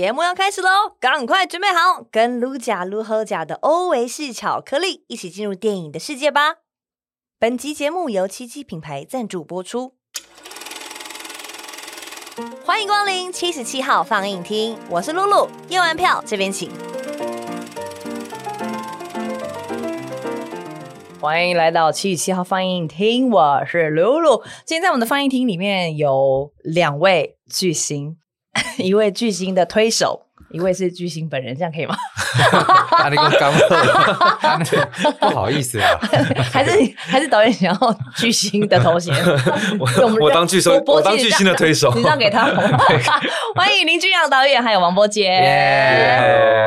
節目要開始嘍，趕快準備好，跟盧假盧和假的歐維士巧克力一起進入電影的世界吧。本集節目由七七品牌贊助播出。歡迎光臨七十七號放映廳，我是露露，驗完票這邊請。歡迎來到七十七號放映廳，我是露露。今天在我們的放映廳裡面有兩位巨星。 一位巨星的推手，一位是巨星本人，這樣可以嗎？那個剛熱了，不好意思啊，還是還是導演想要巨星的頭銜 我當巨 我，我當推手， 我當巨星的推手， 你讓給他。 歡迎林君陽導演，還有王柏傑。耶，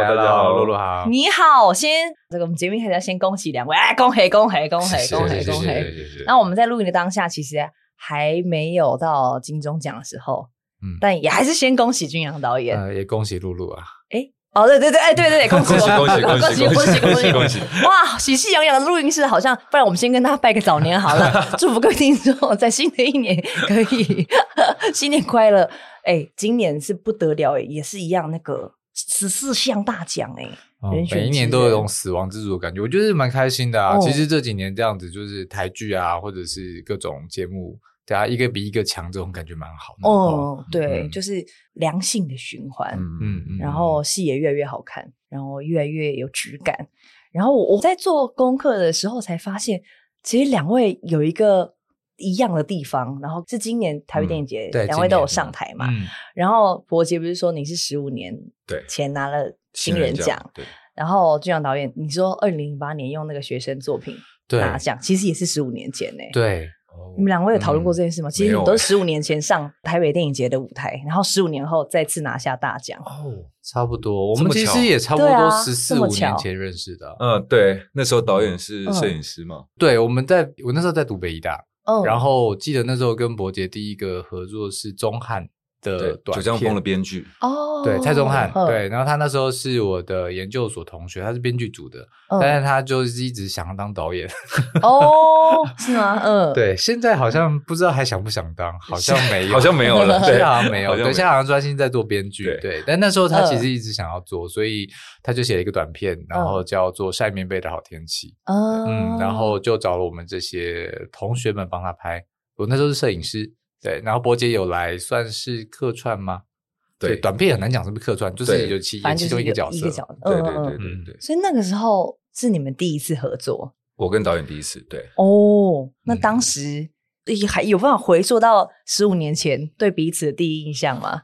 大家好，露露好，你好。先這個我們節目還是要先恭喜兩位，恭喜恭喜恭喜恭喜。恭喜，那我們在錄影的當下，其實還沒有到金鐘獎的時候。嗯、但也還是先恭喜君陽導演，呃，也恭喜露露啊！哎、欸，哦，對對對，哎、欸，對對、對、嗯、恭喜恭喜恭喜恭喜恭喜、恭喜、恭喜！哇，喜氣洋洋的錄音室，好像，不然我們先跟他拜個早年好了， 祝福各位聽眾在新的一年可以 新年快樂！哎、欸，今年是不得了，欸，哎，也是一樣那個十四項大獎哎、欸嗯，每一年都有種死亡之組的感覺，我覺得蠻開心的啊、哦。其實這幾年這樣子，就是台劇啊，或者是各種節目。對啊，一個比一個強，這種感覺蠻好的。Oh, 哦，對、嗯，就是良性的循環，嗯嗯，然後戲也越來越好看，然後越來越有質感。然後我我在做功課的時候才發現，其實兩位有一個一樣的地方。然後是今年台北電影節，嗯、兩位都有上台嘛。嗯、然後柏傑不是說你是十五年前拿了對新人獎？然後君陽導演，你說二零零八年用那個學生作品拿獎，對其實也是十五年前呢。對。你們兩位有討論過這件事嗎？嗯、其實我們都是十五年前上台北電影節的舞台，欸、然後十五年後再次拿下大獎。哦，差不多。我們其實也差不多十四五年前認識的。嗯，對，那時候導演是攝影師嘛。嗯嗯，對，我們在我那時候在讀北藝大、哦。然後我記得那時候跟柏杰第一個合作是鍾《鍾漢》的短片，對，九降風的編劇哦，oh, 對，蔡宗翰對，然後他那時候是我的研究所同學，他是編劇組的，uh, 但是他就是一直想要當導演，uh, 呵呵哦，是嗎？嗯、uh.，對，現在好像不知道還想不想當，好像沒有， 好像沒有了，對， 對好像沒有，等下好像專心在做編劇，對, uh, 對，但那時候他其實一直想要做，uh, 所以他就寫了一個短片，然後叫做曬棉被的好天氣，uh. 嗯，然後就找了我們這些同學們幫他拍，我那時候是攝影師。對，然後柏傑有來算是客串嗎？對，對對短片也很難講是不是客串，就是有其其中一個角色，一個角色。對對對對。所以那個時候是你們第一次合作，我跟導演第一次。對哦，那當時也、嗯、還有辦法回溯到十五年前對彼此的第一印象嗎？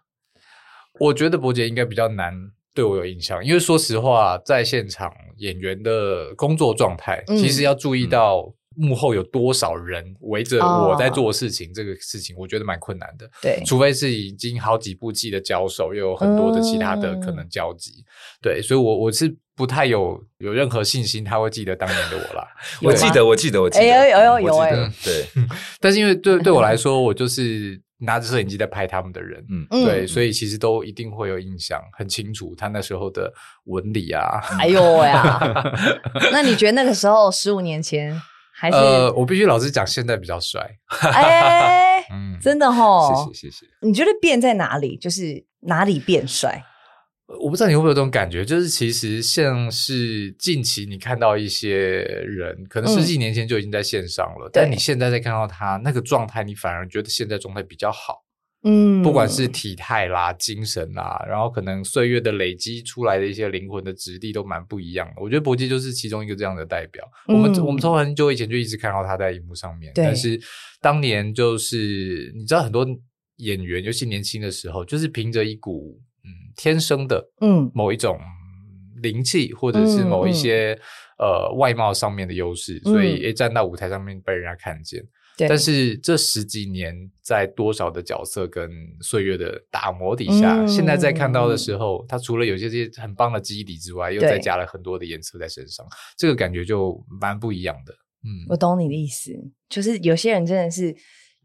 我覺得柏傑應該比較難對我有印象，因為說實話，在現場演員的工作狀態，嗯、其實要注意到、嗯。幕後有多少人圍着我在做事情？Oh. 這個事情我覺得蠻困難的。對，除非是已經好幾部戲的交手，又有很多的其他的可能交集。嗯、對，所以我，我我是不太有有任何信心他會記得當年的我啦。我記得，我記得，我記得，欸欸欸、有有有有。對， 但是因為，對對我來說，我就是拿着攝影機在拍他們的人。嗯，對，所以其實都一定會有印象，很清楚他那時候的紋理啊。哎呦呀、啊， 那你覺得那個時候十五年前？還是？呃，我必須老實講，現在比較帥。哈、欸 嗯。真的哈、哦，謝謝謝謝。你覺得變在哪裡？就是哪裡變帥？我不知道你會不會有這種感覺，就是其實像是近期你看到一些人，可能十幾年前就已經在線上了，嗯、但你現在再看到他那個狀態，你反而覺得現在狀態比較好。嗯，不管是體態啦、精神啦，然後可能歲月的累積出來的一些靈魂的質地都蠻不一樣的。我覺得柏傑就是其中一個這樣的代表。嗯、我們我們從很久以前就一直看到他在熒幕上面，對，但是當年就是你知道很多演員，尤其年輕的時候，就是憑着一股嗯天生的嗯某一種靈氣，或者是某一些、嗯、呃外貌上面的優勢，所以一站到舞台上面被人家看見。但是這十幾年在多少的角色跟歲月的打磨底下，嗯，現在在看到的時候，嗯、他除了有些這些很棒的基底之外，又再加了很多的顏色在身上，這個感覺就蠻不一樣的。嗯，我懂你的意思，就是有些人真的是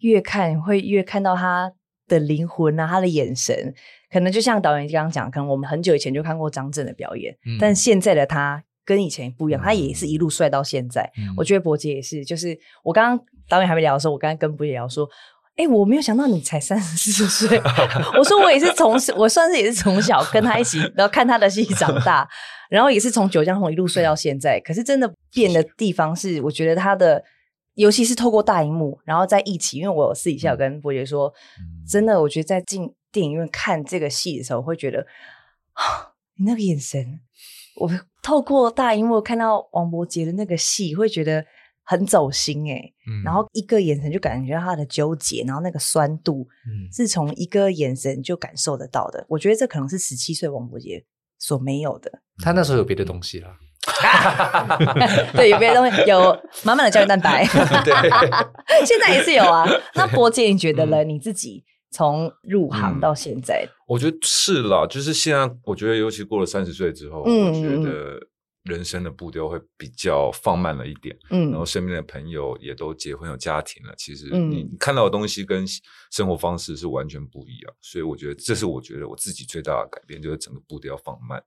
越看會越看到他的靈魂啊，他的眼神，可能就像導演剛剛講，可能我們很久以前就看過張震的表演，嗯、但現在的他。跟以前不一樣，他也是一路帥到現在。嗯、我覺得柏傑也是，就是我剛剛導演還沒聊的時候，我剛剛跟柏傑聊說，哎、欸，我沒有想到你才三十四歲。 我說我也是從，我算是也是從小跟他一起，然後看他的戲長大， 然後也是從《九降風》一路帥到現在。可是真的變的地方是，我覺得他的，尤其是透過大熒幕，然後在一起，因為我私底下有跟柏傑說，真的，我覺得在進電影院看這個戲的時候，我會覺得你那個眼神。我透過大熒幕看到王柏杰的那個戲，會覺得很走心誒、欸嗯、然後一個眼神就感覺到他的糾結，然後那個酸度，是從一個眼神就感受得到的。我覺得這可能是十七歲王柏杰所沒有的、嗯，他那時候有別的東西啦。 對，有別的東西，有滿滿的膠原蛋白， 現在也是有啊。那柏杰，你覺得呢？你自己？從入行到現在，嗯，我覺得是啦。就是現在，我覺得尤其過了三十歲之後，嗯，我覺得人生的步調會比較放慢了一點。嗯，然後身邊的朋友也都結婚有家庭了，其實你看到的東西跟生活方式是完全不一樣。嗯，所以我覺得，這是我覺得我自己最大的改變，就是整個步調放慢。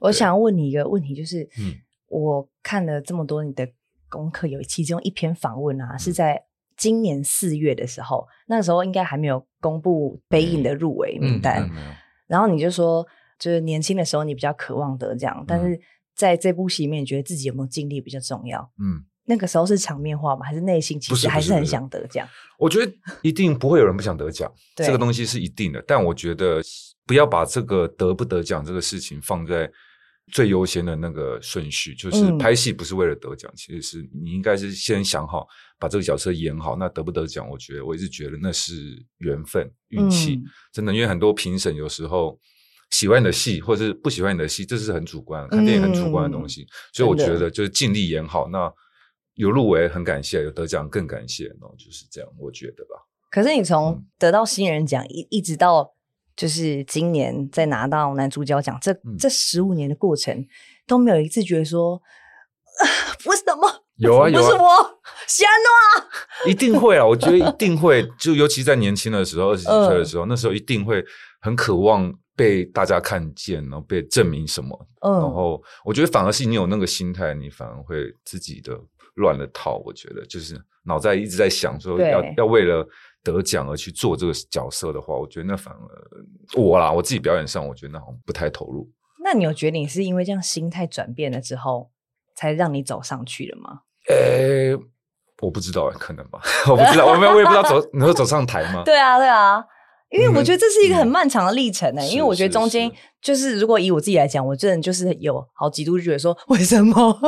我想要問你一個問題，就是嗯，我看了這麼多你的功課，有其中一篇訪問啊，是在，嗯。今年四月的時候，那個時候應該還沒有公布北影的入圍、嗯、名單、嗯哎。然後你就說，就是年輕的時候你比較渴望得獎、嗯，但是在這部戲裡面，你覺得自己有沒有盡力比較重要。嗯，那個時候是場面話嗎？還是內心其實還是很想得獎？我覺得一定不會有人不想得獎， 這個東西是一定的。但我覺得不要把這個得不得獎這個事情放在。最優先的那個順序就是拍戲，不是為了得獎、嗯。其實是你應該是先想好把這個角色演好。那得不得獎，我覺得我一直覺得那是緣分、運氣、嗯，真的。因為很多評審有時候喜歡你的戲，或者是不喜歡你的戲，這是很主觀，看電影很主觀的東西。嗯、所以我覺得就是盡力演好。那有入圍很感謝，有得獎更感謝。然後就是這樣，我覺得吧。可是你從得到新人獎、嗯、一一直到。就是今年在拿到男主角獎，這這十五年的過程、嗯、都沒有一次覺得說為什麼有啊？不是我，西安諾啊什麼，一定會啊！我覺得一定會， 就尤其在年輕的時候，二十幾歲的時候、呃，那時候一定會很渴望被大家看見，然後被證明什麼。呃、然後我覺得反而是你有那個心態，你反而會自己的亂了套。我覺得就是腦袋一直在想說要要為了。得獎而去做這個角色的話，我覺得那反而我啦，我自己表演上，我覺得那好像不太投入。那你有覺得你是因為這樣心態轉變了之後，才讓你走上去了嗎？呃、欸，我不知道、欸，可能吧， 我不知道，我也不知道走，能 夠走上台嗎？ 對啊，對啊，因為我覺得這是一個很漫長的歷程呢、欸嗯。因為我覺得中間是是就是，如果以我自己來講，我真的就是有好幾度覺得說，為什麼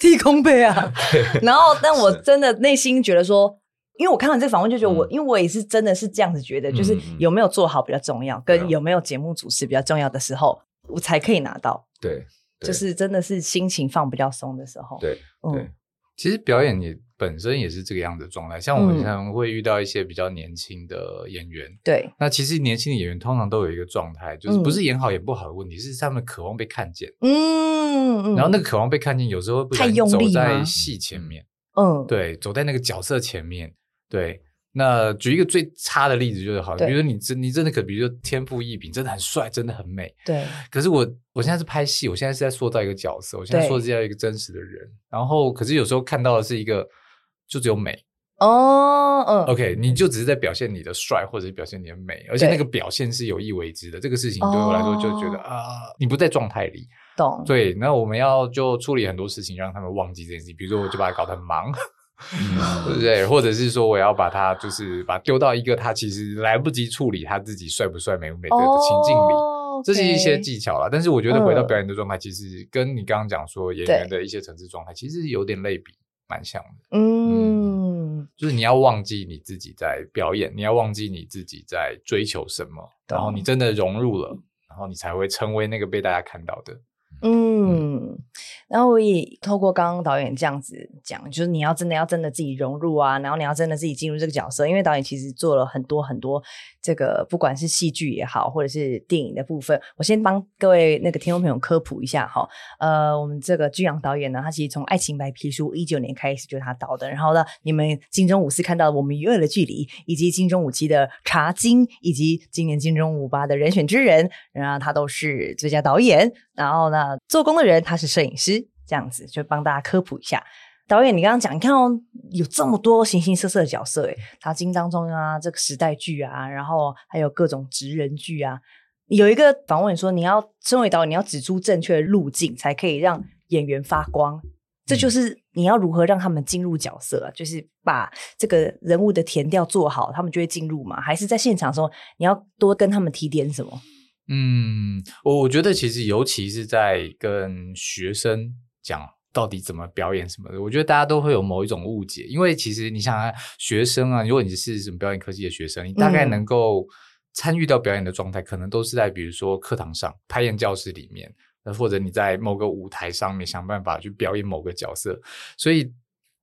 提空杯啊？ 然後，但我真的內心覺得說。 因為我看了這個訪問就覺得我，我、嗯、因為我也是真的是這樣子覺得，就是有沒有做好比較重要，嗯嗯、跟有沒有節目主持比較重要的時候，嗯、我才可以拿到對。對，就是真的是心情放比較鬆的時候。對、嗯、對，其實表演你本身也是這個樣子的狀態。像我們常常會遇到一些比較年輕的演員。對、嗯。那其實年輕的演員通常都有一個狀態，就是不是演好演不好的問題，是他們渴望被看見。嗯，嗯，然後那個渴望被看見，有時候不太用力走在戲前面。嗯。對，走在那個角色前面。對，那舉一個最差的例子就是好像，比如說你真你真的可，比如說天賦異稟，真的很帥，真的很美。對。可是我我現在是拍戲，我現在是在塑造一個角色，我現在塑造一個真實的人。然後，可是有時候看到的是一個就只有美哦，嗯。OK，你就只是在表現你的帥，或者是表現你的美，嗯，而且那個表現是有意為之的。這個事情對我來說就覺得啊、哦呃，你不在狀態裡。懂。對，那我們要就處理很多事情，讓他們忘記這件事情。比如說，我就把它搞得很忙。啊 對不對？或者是說，我要把它，就是把丟到一個他其實來不及處理他自己帥不帥、美不美的情境裡，這是一些技巧啦。但是我覺得，回到表演的狀態，其實跟你剛剛講說演員的一些層次狀態，其實有點類比，蠻像的。嗯，就是你要忘記你自己在表演，你要忘記你自己在追求什麼，然後你真的融入了，然後你才會成為那個被大家看到的。嗯，然後我也透過剛剛導演這樣子講，就是你要真的要真的自己融入啊，然後你要真的自己進入這個角色，因為導演其實做了很多很多這個，不管是戲劇也好，或者是電影的部分，我先幫各位那個聽眾朋友科普一下哈。呃，我們這個君陽導演呢，他其實從《愛情白皮書》一九年開始就他導的，然後呢，你們金鐘五四看到我們與惡的距離，以及金鐘五七的《茶金》，以及今年金鐘五八的人選之人，然後他都是最佳導演，然後呢。呃，做工的人他是攝影師，這樣子就幫大家科普一下。導演，你剛剛講，你看哦，有這麼多形形色色的角色，欸，他經當中啊，這個時代劇啊，然後還有各種職人劇啊。有一個訪問說，你要身為導演，你要指出正確的路徑，才可以讓演員發光，嗯。這就是你要如何讓他們進入角色，啊，就是把這個人物的填調做好，他們就會進入嘛，還是在現場的時候，你要多跟他們提點什麼？嗯，我我覺得其實，尤其是在跟學生講到底怎麼表演什麼的，我覺得大家都會有某一種誤解，因為其實你想啊，學生啊，如果你是什麼表演科技的學生，你大概能夠參與到表演的狀態，可能都是在比如說課堂上，排演教室裡面，呃，或者你在某個舞台上面想辦法去表演某個角色，所以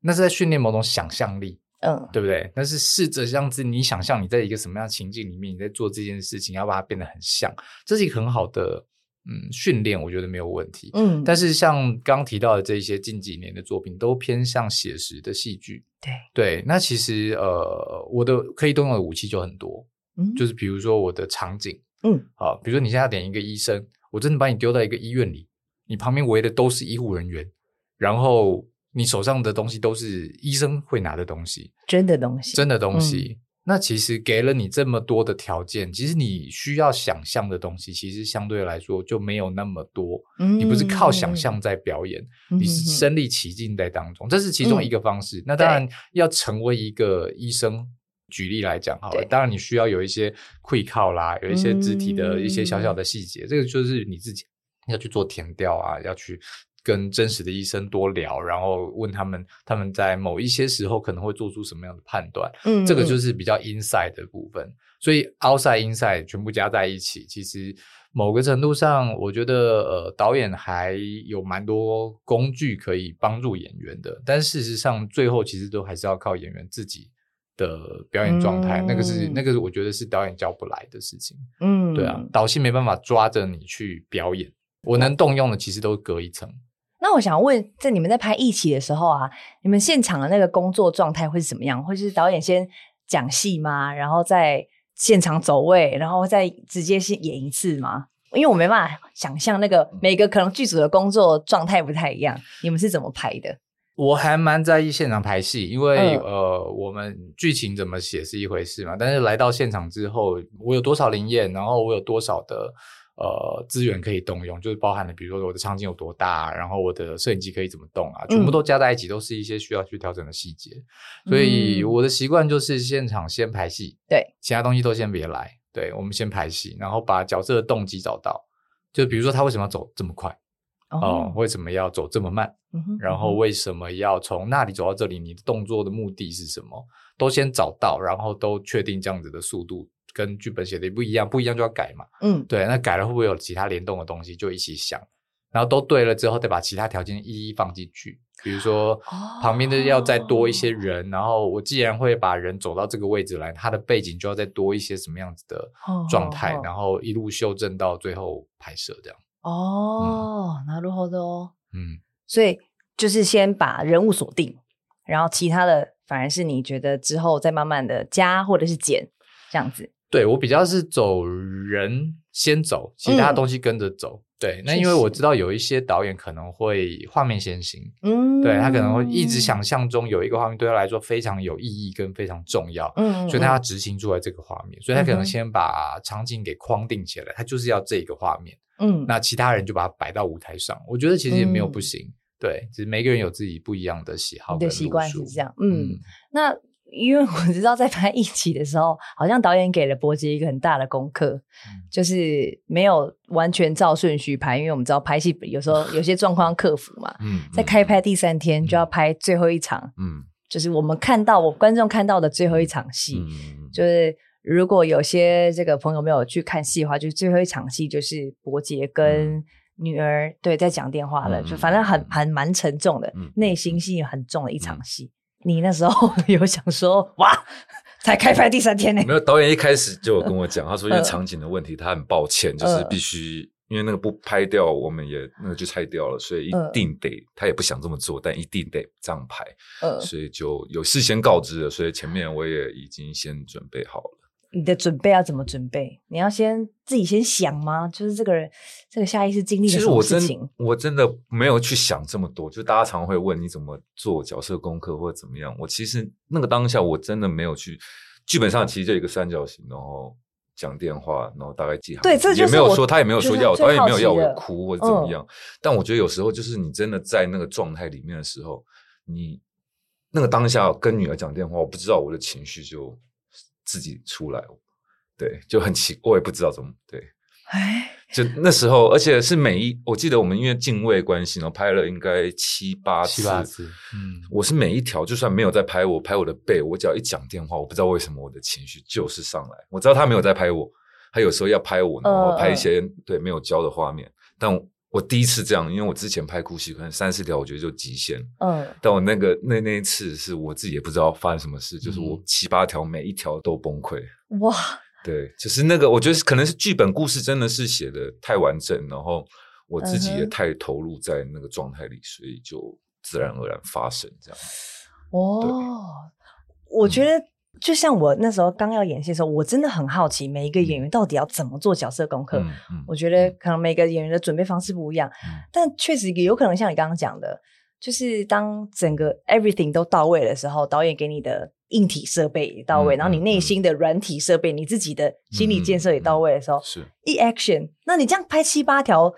那是在訓練某種想象力。嗯、oh.，對不對？但是試着這樣子，你想象你在一個什麼樣的情境裡面，你在做這件事情，要把它變得很像，這是一個很好的嗯訓練，我覺得沒有問題。嗯，但是像剛提到的這些近幾年的作品，都偏向寫實的戲劇。對對，那其實呃，我的可以動用的武器就很多，嗯、就是比如說我的場景，嗯，好、呃。比如說你現在要點一個醫生，我真的把你丟到一個醫院裡，你旁邊圍的都是醫護人員，然後。你手上的東西都是醫生會拿的東西，真的東西，真的東西、嗯。那其實給了你這麼多的條件，其實你需要想象的東西，其實相對來說就沒有那麼多。嗯、你不是靠想象在表演，嗯、你是身臨其境在當中、嗯，這是其中一個方式、嗯。那當然要成為一個醫生，嗯、舉例來講好了，當然你需要有一些會靠啦、嗯，有一些肢體的一些小小的細節，嗯、這個就是你自己要去做田調啊，要去。跟真實的醫生多聊，然後問他們，他們在某一些時候可能會做出什麼樣的判斷。嗯，嗯，這個就是比較 inside 的部分。所以 outside、inside 全部加在一起，其實某個程度上，我覺得呃，導演還有蠻多工具可以幫助演員的。但事實上，最後其實都還是要靠演員自己的表演狀態。嗯、那個是那個，我覺得是導演教不來的事情。嗯，對啊，導戲沒辦法抓着你去表演。我能動用的，其實都隔一層。那我想問，在你們在拍疫起的時候啊，你們現場的那個工作狀態會是怎麼樣？會是導演先講戲嗎？然後再現場走位，然後再直接先演一次嗎？因為我沒辦法想象那個每個可能劇組的工作狀態不太一樣，你們是怎麼拍的？我還蠻在意現場排戲，因為、嗯、呃，我們劇情怎麼寫是一回事嘛，但是來到現場之後，我有多少靈驗，然後我有多少的。呃，資源可以動用，就是包含了，比如說我的場景有多大啊，然後我的攝影機可以怎麼動啊，全部都加在一起，都是一些需要去調整的細節。嗯。所以我的習慣就是現場先排戲，對，其他東西都先別來，對，我們先排戲，然後把角色的動機找到，就比如說他為什麼要走這麼快，哦，呃，為什麼要走這麼慢，嗯哼嗯哼，然後為什麼要從那裡走到這裡，你的動作的目的是什麼，都先找到，然後都確定這樣子的速度。跟劇本寫的不一樣，不一樣就要改嘛。嗯，對，那改了會不會有其他聯動的東西？就一起想，然後都對了之後，再把其他條件一一放進去。比如說，旁邊的要再多一些人，哦，然後我既然會把人走到這個位置來，他的背景就要再多一些什麼樣子的狀態，哦哦哦，然後一路修正到最後拍攝這樣。哦，那，嗯，如何的哦？嗯，所以就是先把人物鎖定，然後其他的反而是你覺得之後再慢慢的加或者是減這樣子。對，我比較是走人先走，其他東西跟着走、嗯。對，那因為我知道有一些導演可能會畫面先行，嗯，對，他可能會一直想象中有一個畫面對他來說非常有意義跟非常重要，嗯，所以他要執行住在這個畫面、嗯嗯，所以他可能先把場景給框定起來、嗯，他就是要這個畫面，嗯，那其他人就把它擺到舞台上。我覺得其實也沒有不行，嗯、對，只是每個人有自己不一樣的喜好跟的習慣是這樣，嗯，那。因為我知道在拍疫起的時候，好像導演給了柏傑一個很大的功課、嗯，就是沒有完全照順序拍。因為我們知道拍戲有時候有些狀況克服嘛。嗯，嗯在開拍第三天就要拍最後一場，嗯，就是我們看到我觀眾看到的最後一場戲、嗯，就是如果有些這個朋友沒有去看戲的話，就是最後一場戲就是柏傑跟女兒、嗯、對在講電話了，嗯、就反正很很蠻沉重的、嗯，內心戲很重的一場戲。你那時候有想說，哇，才開拍第三天呢？欸？沒有，導演一開始就有跟我講，他說因為場景的問題，呃、他很抱歉，就是必須、呃、因為那個不拍掉，我們也那個就拆掉了，所以一定得、呃、他也不想這麼做，但一定得這樣拍，嗯、呃，所以就有事先告知了，所以前面我也已經先準備好了。你的準備要怎麼準備？你要先自己先想嗎？就是這個人，這個下意識經歷。其實我真我真的沒有去想這麼多。就是，大家常常會問你怎麼做角色功課或者怎麼樣，我其實那個當下我真的沒有去。劇本上其實就一個三角形，然後講電話，然後大概記好。對，也沒有說他也沒有說要我，就是，他也沒有要我哭或者怎麼樣，嗯。但我覺得有時候就是你真的在那個狀態裡面的時候，你那個當下跟女兒講電話，我不知道我的情緒就。自己出來，對，就很奇怪，我也不知道怎麼對、欸。就那時候，而且是每一，我記得我們因為敬畏關係，然後拍了應該七八，七八次。嗯，我是每一條，就算沒有在拍我，拍我的背，我只要一講電話，我不知道為什麼我的情緒就是上來。我知道他沒有在拍我，嗯，他有時候要拍我呢，呃，然後拍一些，對，沒有交的畫面，但我。我第一次這樣，因為我之前拍哭戲可能三四條，我覺得就極限。嗯，但我那個那那一次是我自己也不知道發生什麼事，嗯、就是我七八條每一條都崩潰。哇，對，就是那個，我覺得可能是劇本故事真的是寫的太完整，然後我自己也太投入在那個狀態裡、嗯，所以就自然而然發生這樣。哦，我覺得、嗯。就像我那時候剛要演戲的時候，我真的很好奇每一個演員到底要怎麼做角色功課？嗯嗯、我覺得可能每個演員的準備方式不一樣、嗯，但確實有可能像你剛剛講的，就是當整個 everything 都到位的時候，導演給你的硬體設備也到位、嗯，然後你內心的軟體設備，你自己的心理建設也到位的時候，是、嗯嗯嗯、一 action，那你這樣拍七八條。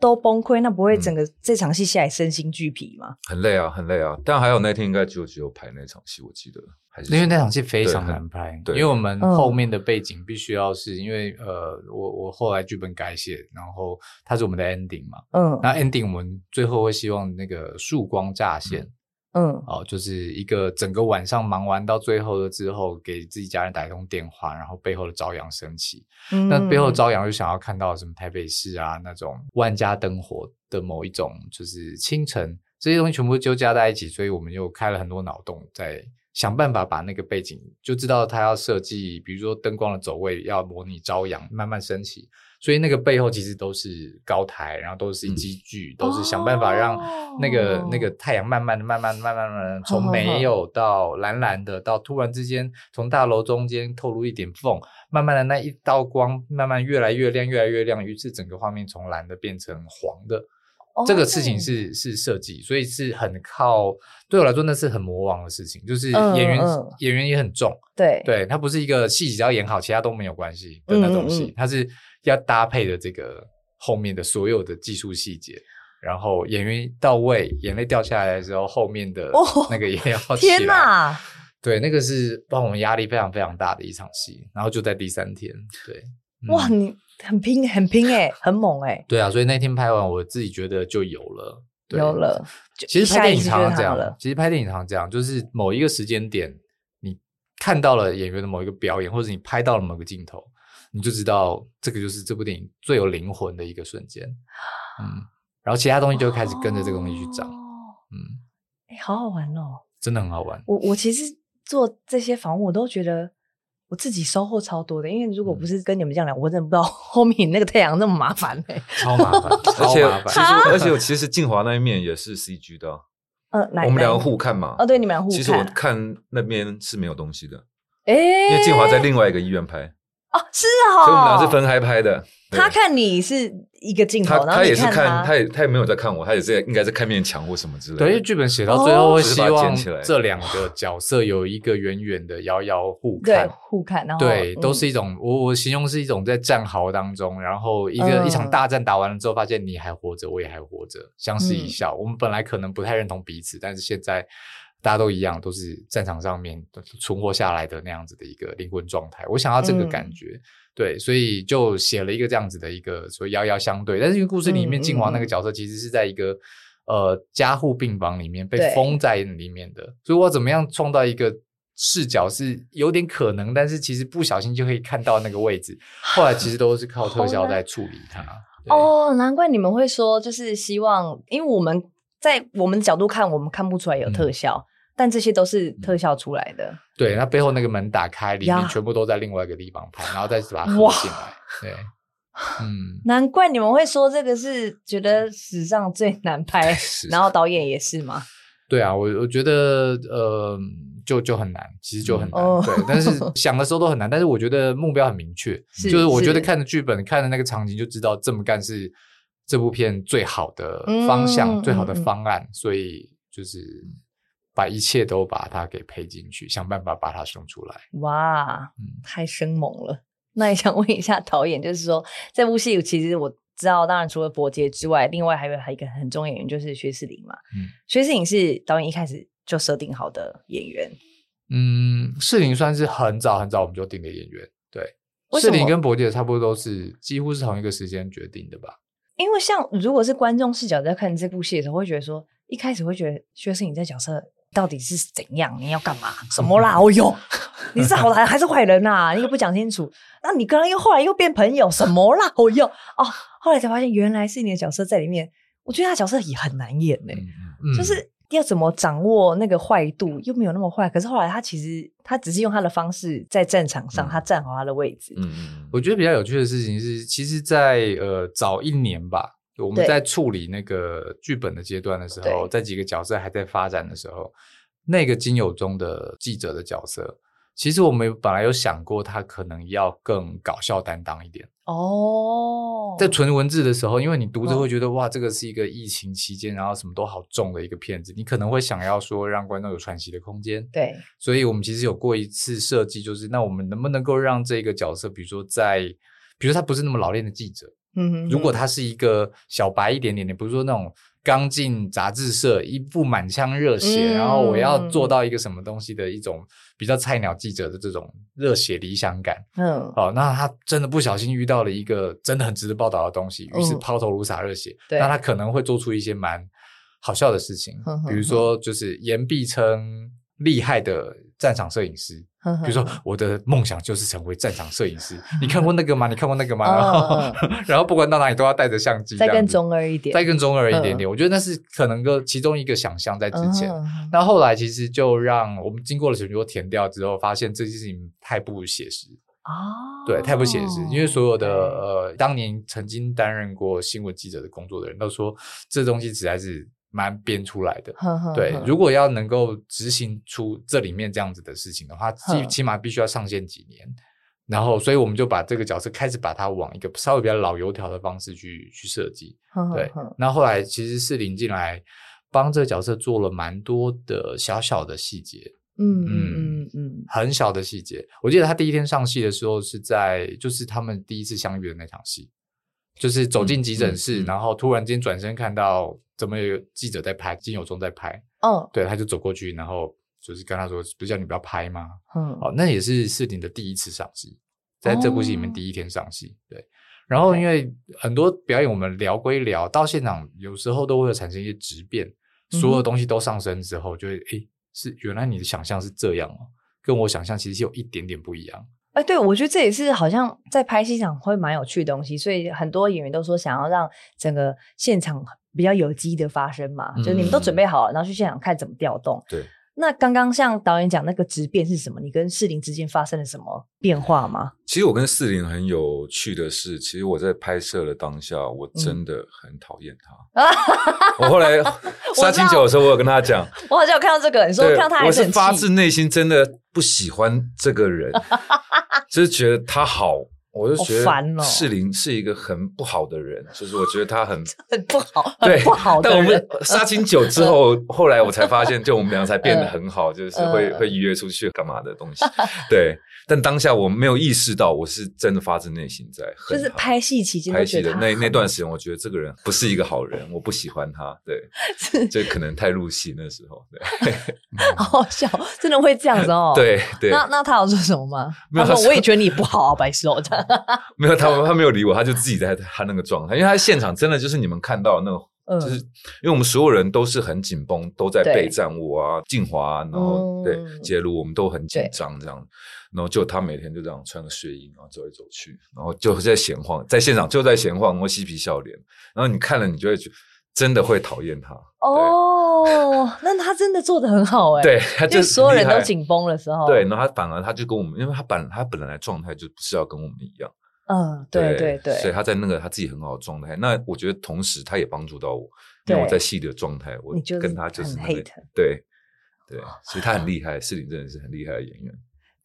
都崩潰，那不會整個這場戲下來身心俱疲嗎、嗯？很累啊，很累啊！但還有那天應該就只有拍那場戲，我記得，還是因為那場戲非常難拍對對，因為我們後面的背景必須要是、嗯、因為呃，我我後來劇本改寫，然後它是我們的 ending 嘛，嗯，那 ending 我們最後會希望那個曙光乍現。嗯嗯，哦，就是一個整個晚上忙完到最後的之後，給自己家人打一通電話，然後背後的朝陽升起。嗯，那背後的朝陽就想要看到什麼？台北市啊，那種萬家燈火的某一種，就是清晨這些東西全部就加在一起，所以我們就開了很多腦洞，在想辦法把那個背景就知道它要設計，比如說燈光的走位要模擬朝陽慢慢升起。所以那個背後其實都是高台，然後都是積聚，都是想辦法讓那個那個太陽慢慢的、慢慢的、慢慢的、慢從沒有到藍藍的，到突然之間從大樓中間透露一點縫，慢慢的那一道光慢慢越來越亮、越來越亮，於是整個畫面從藍的變成黃的。這個事情是、oh, okay. 是設計，所以是很靠，對我來說那是很魔王的事情，就是演員、嗯、演員也很重，對、嗯、對，他不是一個戲只要演好，其他都沒有關係的、嗯、那種戲，他是要搭配的這個後面的所有的技術細節，然後演員到位，眼淚掉下來的時候，後面的那個也要、哦、天哪，對，那個是幫我們壓力非常非常大的一場戲，然後就在第三天，對。哇，你很拼，很拼哎、欸，很猛哎、欸！ 對啊，所以那天拍完，我自己覺得就有了，對有了。其實拍電影常，常，常這樣，其實拍電影常，常，常這樣， 就是某一個時間點，你看到了演員的某一個表演，或者你拍到了某個鏡頭，你就知道這個就是這部電影最有靈魂的一個瞬間。 嗯，然後其他東西就會開始跟着這個東西去長哦，嗯，哎，好好玩哦，真的很好玩。我我其實做這些訪問，我都覺得。我自己收穫超多的，因為如果不是跟你們這樣聊，我真的不知道後面那個太陽那麼麻煩嘞、欸。超麻煩， 而且而且其實敬驊那一面也是 CG 的，呃、我們兩個互看嘛。哦、呃，對，你們兩個互看。其實我看那邊是沒有東西的，誒、欸。因為敬驊在另外一個醫院拍。哦是哦，所以我們是分開拍的。他看你是一個鏡頭他他，他也是看，他也他也沒有在看我，他也是應該是看面牆或什麼之類的。對，因為劇本寫到最後、哦，希望這兩個角色有一個遠遠的遙遙互看，哦、對互看，對，都是一種，嗯、我我形容是一種在戰壕當中，然後一個、嗯、一場大戰打完了之後，發現你還活着，我也還活着，相視一笑、嗯。我們本來可能不太認同彼此，但是現在。大家都一樣，都是戰場上面存活下來的那樣子的一個靈魂狀態。我想要這個感覺、嗯，對，所以就寫了一個這樣子的一個所謂遙遙相對。但是，因為故事裡面靖王那個角色其實是在一個、嗯嗯、呃加護病房裡面被封在裡面的，所以我怎麼樣創造一個視角是有點可能，但是其實不小心就可以看到那個位置。後來其實都是靠特效在處理它、嗯。哦，難怪你們會說，就是希望，因為我們在我們的角度看，我們看不出來有特效。嗯但這些都是特效出來的、嗯。對，那背後那個門打開，裡面全部都在另外一個地方拍，然後再把它合進來。對，嗯，難怪你們會說這個是覺得史上最難拍，然後導演也是嗎？對啊，我我覺得呃，就就很難，其實就很難、嗯對哦。對，但是想的時候都很難，但是我覺得目標很明確，是就是我覺得看着劇本、看着那個場景就知道這麼幹是這部片最好的方向、嗯、最好的方案，嗯嗯嗯、所以就是。把一切都把它給配進去，想辦法把它送出來。哇、嗯，太生猛了！那也想問一下導演，就是說，這部戲，其實我知道，當然除了柏傑之外，另外還有還一個很重要的演員就是薛仕凌嘛。嗯，薛仕凌是導演一開始就設定好的演員？嗯，仕凌算是很早很早我們就定的演員。對，仕凌跟柏傑差不多都是幾乎是同一個時間決定的吧？因為像如果是觀眾視角在看這部戲的時候，我會覺得說一開始會覺得薛仕凌在角色。到底是怎樣？你要幹嘛？什麼啦？嗯、哦喲，你是好人還是壞人吶、啊？ 你又不講清楚。那你剛剛又後來又變朋友，什麼啦？哦喲，哦，後來才發現原來是你的角色在裡面。我覺得他角色也很難演呢、欸嗯嗯，就是要怎麼掌握那個壞度，又沒有那麼壞。可是後來他其實他只是用他的方式在戰場上、嗯，他站好他的位置。嗯，我覺得比較有趣的事情是，其實在，在呃早一年吧。我們在處理那個劇本的階段的時候，在幾個角色還在發展的時候，那個金有中的記者的角色，其實我們本來有想過他可能要更搞笑擔當一點。哦，在純文字的時候，因為你讀着會覺得、哦、哇，這個是一個疫情期間，然後什麼都好重的一個片子，你可能會想要說讓觀眾有喘息的空間。對，所以我們其實有過一次設計，就是那我們能不能夠讓這個角色，比如說在，比如說他不是那麼老練的記者。嗯，如果他是一個小白一點點，的，比如說那種剛進雜誌社，一部滿腔熱血、嗯，然後我要做到一個什麼東西的一種比較菜鳥記者的這種熱血理想感，嗯，哦，那他真的不小心遇到了一個真的很值得報道的東西，於是拋頭顱灑熱血、嗯，那他可能會做出一些蠻好笑的事情，嗯、比如說就是言必稱厲害的。戰場攝影師，比如說我的夢想就是成為戰場攝影師。呵呵，你看過那個嗎？你看過那個嗎？ 然後，uh, uh, 然後不管到哪裡都要帶着相機，再更中二一點，再更中二一點點。Uh. 我覺得那是可能的其中一個想象在之前。Uh, uh, uh, 那後來其實就讓我們經過了許多填掉之後，發現這件事情太不寫實、uh, 對，太不寫實。Uh, 因為所有的、okay. 呃，當年曾經擔任過新聞記者的工作的人都說，這東西實在是。蠻編出來的呵呵，對。如果要能夠執行出這裡面這樣子的事情的話，最起碼必須要上線幾年。然後，所以我們就把這個角色開始把它往一個稍微比較老油條的方式去去設計。對。那後，後來，其實仕凌進來幫這個角色做了蠻多的小小的細節。嗯嗯嗯嗯，很小的細節、嗯嗯。我記得他第一天上戲的時候是在，就是他們第一次相遇的那場戲，就是走進急診室、嗯嗯，然後突然間轉身看到。怎麼有記者在拍？金友中在拍。嗯、oh.，對，他就走過去，然後就是跟他說：“不是叫你不要拍嗎？”嗯、hmm. 哦，那也是仕凌的第一次上戲，在這部戲裡面第一天上戲。Oh. 對，然後因為很多表演，我們聊歸聊，okay. 到現場有時候都會產生一些質變。Mm -hmm. 所有東西都上升之後，就會誒、欸，是原來你的想象是這樣嗎？跟我想象其實是有一點點不一樣。哎、欸，對我覺得這也是好像在拍戲上會蠻有趣的東西，所以很多演員都說想要讓整個現場。比較有機的發生嘛，嗯、就是你們都準備好了，然後去現場看怎麼調動。對，那剛剛像導演講那個質變是什麼？你跟仕凌之間發生了什麼變化嗎？其實我跟仕凌很有趣的是，其實我在拍攝的當下，我真的很討厭他。嗯、 我後來殺青酒的時候，我有跟他講，我好像有看到這個。你說，我看到他還是，我是發自內心真的不喜歡這個人， 就是覺得他好。我就覺得薛仕凌是一個很不好的人，哦哦、就是我覺得他很 很不好，對，很不好的人。但我們殺青酒之後， 後來我才發現，就我們倆才變得很好，呃、就是會、呃、會約出去幹嘛的東西。 對，但當下我沒有意識到，我是真的發自內心在，就是拍戲期間拍戲的那那段時間，我覺得這個人不是一個好人， 我不喜歡他。對，這 可能太入戲那時候。對， 好好笑，真的會這樣子哦。對對。那那他有說什麼嗎？沒有，說說我也覺得你不好啊、 哦，白石老、哦 沒有，他他沒有理我，他就自己在他那個狀態，因為他現場真的就是你們看到的那種、個嗯，就是因為我們所有人都是很緊繃，都在備戰我啊，敬驊、啊，然後、嗯、對杰盧，我們都很緊張這樣，然後就他每天就這樣穿個睡衣，然後走來走去，然後就在閒晃，在現場就在閒晃，然後嬉皮笑臉，然後你看了你就會覺。真的會討厭他哦、oh,，那他真的做的很好哎， 對，他就所有人都緊繃的時候，對，那他反而他就跟我們，因為他本他本來的狀態就不是要跟我們一樣，嗯，對對對，所以他在那個他自己很好的狀態，那我覺得同時他也幫助到我，讓我在戲的狀態，我跟他就是,、那個、就是對對,對，所以他很厲害，仕 凌真的是很厲害的演員。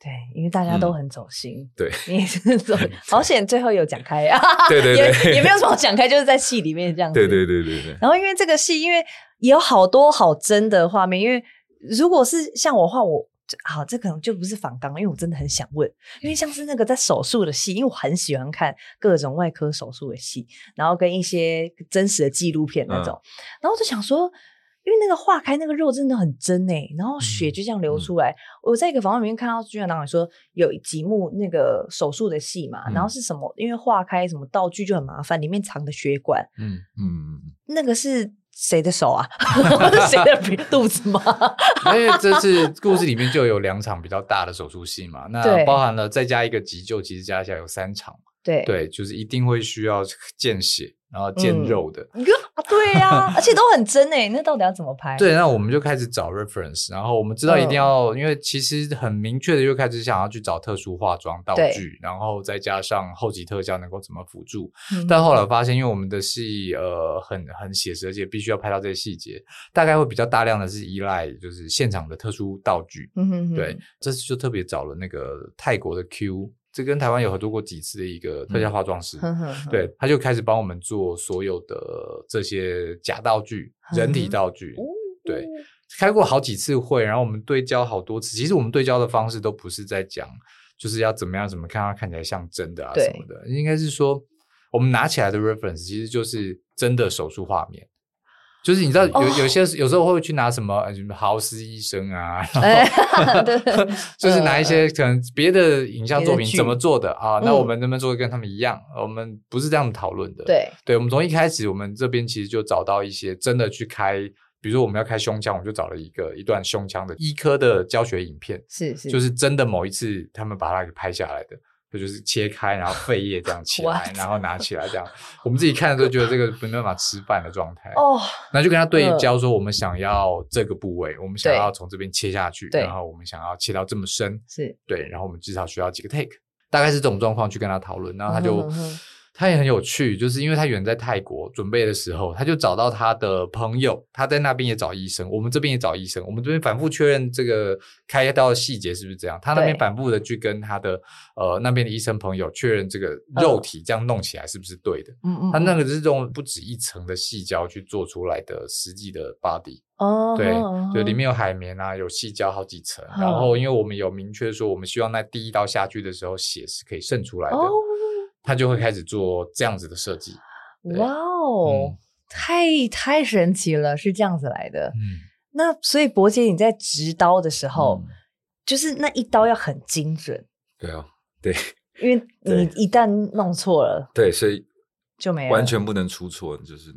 對，因為大家都很走心。嗯、對，你也是走。好險，最後有講開啊！ 對對對，也也沒有什麼講開，就是在戲裡面這樣子。對對對對對。然後，因為這個戲，因為也有好多好真的畫面。因為如果是像我的話，我好，這可、個、能就不是訪綱，因為我真的很想問。因為像是那個在手術的戲，因為我很喜歡看各種外科手術的戲，然後跟一些真實的紀錄片那種，嗯、然後我就想說。因為那個化開那個肉真的很真哎，欸，然後血就這樣流出來。嗯嗯、我在一個訪談裡面看到，居然導演說有幾幕那個手術的戲嘛，嗯，然後是什麼？因為化開什麼道具就很麻煩，裡面藏的血管。嗯嗯嗯。那個是誰的手啊？ 誰的肚子嗎？ 因為這次故事裡面就有兩場比較大的手術戲嘛，那包含了再加一個急救，其實加起來有三場嘛。對對，就是一定會需要見血。然後見肉的，嗯啊、對呀、啊，而且都很真誒 那到底要怎麼拍？對，那我們就開始找 reference，然後我們知道一定要，呃、因為其實很明確的，就開始想要去找特殊化妝道具，然後再加上後期特效能夠怎麼輔助。嗯、但後來發現，因為我們的戲呃很很寫實，而且必須要拍到這些細節，大概會比較大量的是依賴就是現場的特殊道具。嗯嗯，對，這次就特別找了那個泰國的 Q。這跟台灣有合作過幾次的一個特效化妝師、嗯呵呵呵，對，他就開始幫我們做所有的這些假道具、呵呵人體道具、嗯，對，開過好幾次會，然後我們對焦好多次。其實我們對焦的方式都不是在講，就是要怎麼樣怎麼樣看，看它看起來像真的啊什麼的，應該是說我們拿起來的 reference 其實就是真的手術畫面。嗯就是你知道、嗯、有有些有時候會去拿什麼什麼豪斯醫生啊，哎、 就是拿一些可能別的影像作品、呃、怎麼做的，的啊？那我們能不能做的跟他們一樣、嗯？我們不是這樣討論的、嗯。對，對我們從一開始，我們這邊其實就找到一些真的去開，比如說我們要開胸腔，我們就找了一個一段胸腔的醫科的教學影片，是是，就是真的某一次他們把它給拍下來的。就，就是切開，然後肺葉這樣切，What? 然後拿起來這樣， 我們自己看的時候覺得這個沒辦法吃飯的狀態哦。那就跟他對焦說，我們想要這個部位，呃、我們想要從這邊切下去，對，然後我們想要切到這麼深，是對，對，然後我們至少需要幾個 take，大概是這種狀況去跟他討論，然後他就。嗯哼哼哼他也很有趣，就是因為他遠在泰國準備的時候，他就找到他的朋友，他在那邊也找醫生，我們這邊也找醫生，我們這邊反覆確認這個開刀的細節是不是這樣。他那邊反覆的去跟他的呃那邊的醫生朋友確認這個肉體這樣弄起來是不是對的。嗯嗯。他那個就是用不止一層的矽膠去做出來的實際的 body。哦，oh. 對，oh, oh, oh. 就裡面有海綿啊，有矽膠好幾層，oh. 然後因為我們有明確說，我們希望在第一刀下去的時候，血是可以滲出來的。Oh. 他就會開始做這樣子的設計，哇哦、wow, 嗯，太太神奇了，是這樣子來的。嗯，那所以柏傑你在執刀的時候、嗯，就是那一刀要很精準。對啊，對，因為你一旦弄錯了，對，對，所以就沒有完全不能出錯，就是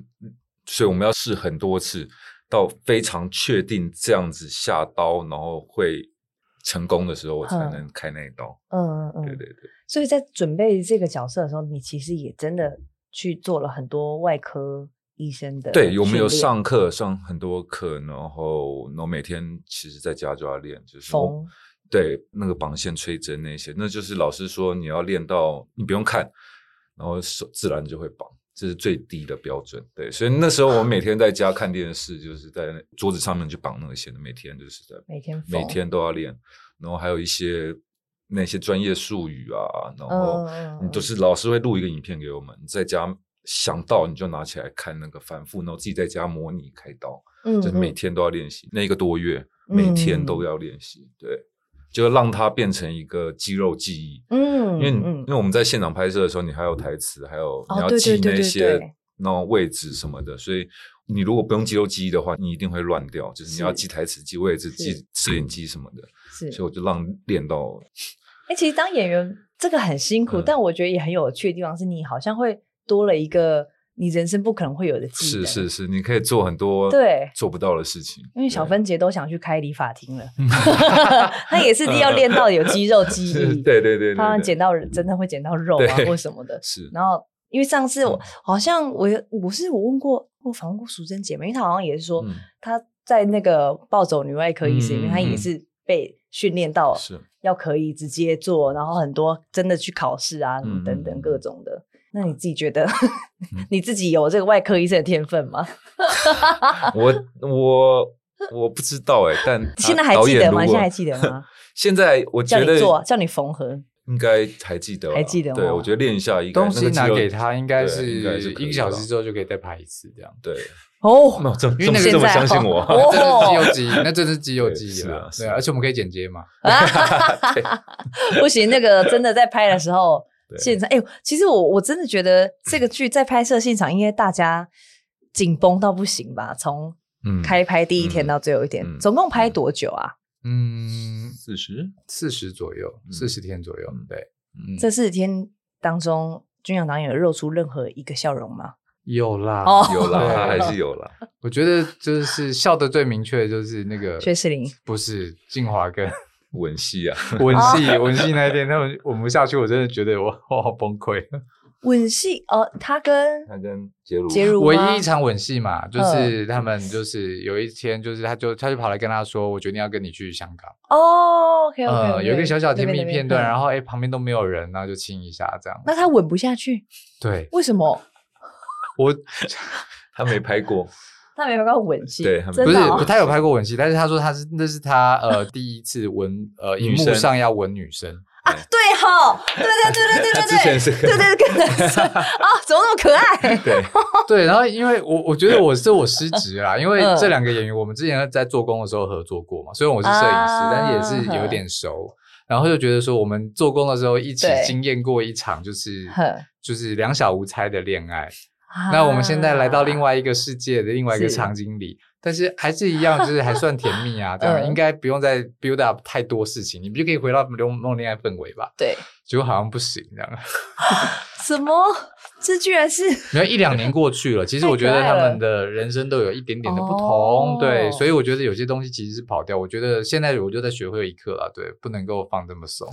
所以我們要試很多次，到非常確定這樣子下刀，然後會。成功的時候，我才能開那一刀。嗯嗯嗯，對對對。所以在準備這個角色的時候，你其實也真的去做了很多外科醫生的。對，有沒有上課，上很多課，然後我每天其實在家就要練，就是縫，對那個綁線、吹針那些，那就是老師說你要練到你不用看，然後手自然就會綁。這是最低的標準，對，所以那時候我們每天在家看電視，oh. 就是在桌子上面去綁那個線，每天就是在每天每天都要練，然後還有一些那些專業術語啊，然後你都是老師會錄一個影片給我們，在家想到你就拿起來看那個反覆，然後自己在家模擬開刀，嗯、mm -hmm.，就是每天都要練習，那一個多月每天都要練習，對。就讓它變成一個肌肉記憶，嗯，因為、嗯、因為我們在現場拍攝的時候，你還有台詞，還、哦、有你要記那些那種位置什麼的、哦對對對對對對，所以你如果不用肌肉記憶的話，你一定會亂掉。就是你要記台詞、記位置、記攝影機什麼的。是，所以我就讓練到。哎、 欸，其實當演員這個很辛苦、嗯，但我覺得也很有趣的地方是你好像會多了一個。你人生不可能會有的技能是是是，你可以做很多對做不到的事情。因為小芬姐都想去開理髮廳了，她 也是要練到有肌肉記憶。對對對，對，對，對，對，她剪到真的會剪到肉啊，或什麼的。是，然後因為上次我好像我我是我問過我訪問過淑珍姐妹因為她好像也是說、嗯、她在那個暴走女外科醫師裡面嗯嗯，她也是被訓練到要可以直接做，然後很多真的去考試啊嗯嗯等等各種的。那你自己覺得你自己有這個外科醫生的天分嗎？嗯、 我我我不知道誒、欸、但現在還記得嗎？現在，還記得嗎？現在我覺得還記得叫你，叫你縫合，應該還記得，還記得對，我覺得練一下一個東西拿給他應，應該是一個小時之後就可以再拍一次這樣。對，是對哦，因為那個這麼相信我，這、哦、 是肌肉記憶，那這是肌肉記憶了，對、啊啊對啊，而且我們可以剪接嘛 。不行，那個真的在拍的時候。現場哎呦、欸，其實我我真的覺得這個劇在拍攝現場，應該大家緊繃到不行吧？從開拍第一天到最後一天，總共拍多久啊嗯嗯？嗯，四十，四十左右，四十天左右，嗯、對、嗯。這四十天當中，君陽導演有露出任何一個笑容嗎？有啦，哦、有啦， 還是有啦。 我覺得就是笑得最明確的就是那個薛仕凌不是敬驊哥，進 吻戲啊，啊，吻戲，吻戲那一天，他吻吻不下去，我真的覺得我我好崩潰。吻戲哦、呃，他跟他跟婕如婕如唯一一場吻戲嘛、嗯，就是他們就是有一天，就是他就他就跑來跟他說，我決定要跟你去香港哦，OK, okay，呃、有一個小小甜蜜片段，然後誒、欸、旁邊都沒有人，然後就親一下這樣。那他吻不下去？對，為什麼？我他沒拍過。 他沒拍過吻戲，對，他哦、不是不太有拍過吻戲，但是他說他是那是他呃 第一次吻呃熒幕上要吻女生 啊，對吼、哦，對對對對對對對， 對對對啊、 哦，怎麼那麼可愛？對對，然後因為我我覺得我是我失職啦， 因為這兩個演員我們之前在做工的時候合作過嘛，雖然我是攝影師，啊、但是也是有點熟，然後就覺得說我們做工的時候一起經驗過一場，就是 就是兩小無猜的戀愛。那我們現在來到另外一個世界的另外一個場景裡，但是還是一樣，就是還算甜蜜啊， 這樣應該不用再 build up 太多事情，你們就可以回到濃濃戀愛氛圍吧？對，結果好像不行，這樣。 什麼？這居然是？沒有，一兩年過去了，其實我覺得他們的人生都有一點點的不同，對，所以我覺得有些東西其實是跑掉。我覺得現在我就在學會一課了，對，不能夠放這麼鬆。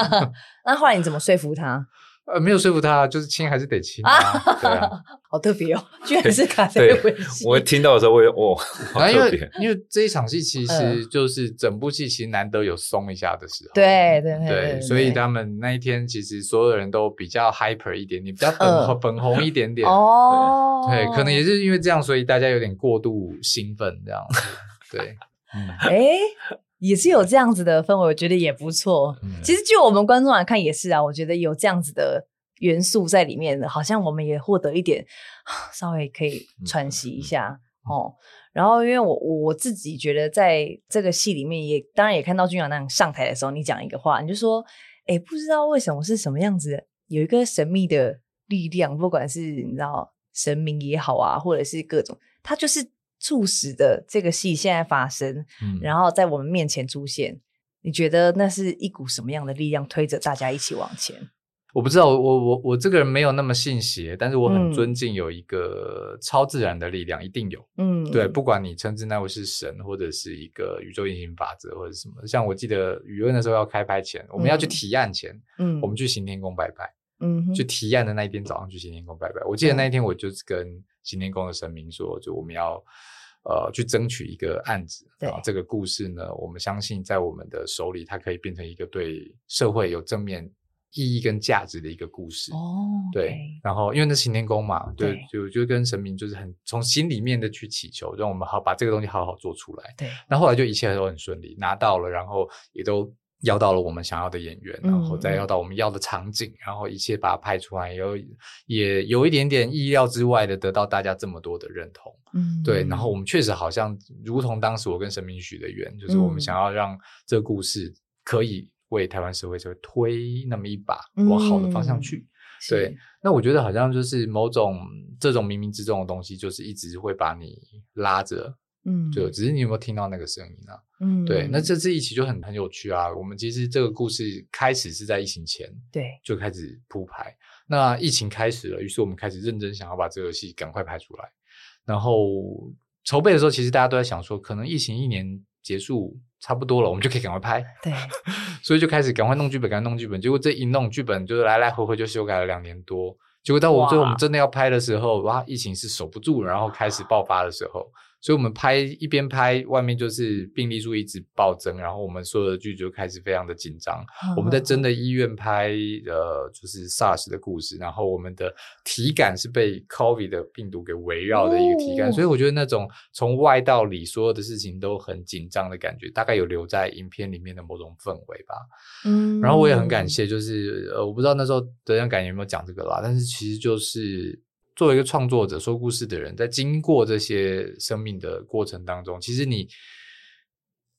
那後來你怎麼說服他？呃，沒有說服他，就是親還是得親啊。啊哈哈哈哈，對哈、啊、好特別哦，居然是咖啡味。對，我聽到的時候我也哦，好特別、啊因。因為這一場戲其實就是整部戲其實難得有鬆一下的時候。呃、對，對對對，對，對所以他們那一天其實所有人都比較 hyper 一點點，你比較粉粉、呃、紅一點點。哦。對，可能也是因為這樣，所以大家有點過度興奮這樣子。對。嗯。哎。也是有這樣子的氛圍，我覺得也不錯。其實，就我們觀眾來看，也是啊。我覺得有這樣子的元素在裡面，好像我們也獲得一點，稍微可以喘息一下、嗯嗯、哦。然後，因為我我自己覺得，在這個戲裡面也，也當然也看到君陽那上台的時候，你講一個話，你就說：“哎、欸，不知道為什麼是什麼樣子的，有一個神秘的力量，不管是你知道神明也好啊，或者是各種，他就是。”促使的這個戲現在發生、嗯，然後在我們面前出現，你覺得那是一股什麼樣的力量推着大家一起往前？我不知道，我我我這個人沒有那麼信邪，但是我很尊敬有一個超自然的力量、嗯，一定有。嗯，對，不管你稱之那位是神，或者是一個宇宙運行法則，或者什麼，像我記得疫起的時候要開拍前、嗯，我們要去提案前，嗯，我們去行天宮拜拜，嗯，去提案的那一天早上去行天宮拜拜。我記得那一天我就是跟、嗯。跟擎天宮的神明說：“就我們要，呃，去爭取一個案子。對，然後這個故事呢，我們相信在我們的手裡，它可以變成一個對社會有正面意義跟價值的一個故事。哦、oh, okay.，對。然後，因為那是擎天宮嘛，對，對，就就跟神明就是很從心裡面的去祈求，讓我們好把這個東西好好做出來。對。那後，後來就一切都很順利，拿到了，然後也都。”要到了我們想要的演員，然後再要到我們要的場景，嗯、然後一切把它拍出來，也有也有一點點意料之外的得到大家這麼多的認同，嗯、對。然後我們確實好像如同當時我跟神明許的願，就是我們想要讓這個故事可以為台灣社會推那麼一把，往好的方向去。嗯、對，那我覺得好像就是某種這種冥冥之中的東西，就是一直會把你拉着。嗯，就只是你有沒有聽到那個聲音啊？嗯，對，那這次疫起就很很有趣啊。我們其實這個故事開始是在疫情前，對，就開始鋪排。那疫情開始了，於是我們開始認真想要把這個戲趕快拍出來。然後籌備的時候，其實大家都在想說，可能疫情一年結束差不多了，我們就可以趕快拍。對， 所以就開始趕快弄劇本，趕快弄劇本。結果這一弄劇本，就是來來回回就修改了兩年多。結果到我最後我們真的要拍的時候哇，哇，疫情是守不住，然後開始爆發的時候。所以，我們拍一邊拍，外面就是病例數一直暴增，然後我們所有的劇就開始非常的緊張。Uh -huh. 我們在真的醫院拍呃，就是 SARS 的故事，然後我們的體感是被 COVID 的病毒給圍繞的一個體感。Mm -hmm. 所以，我覺得那種從外到裡所有的事情都很緊張的感覺，大概有留在影片裡面的某種氛圍吧。Mm -hmm. 然後我也很感謝，就是呃，我不知道那時候君陽導有沒有講這個啦，但是其實就是。作為一個創作者、說故事的人，在經過這些生命的過程當中，其實你。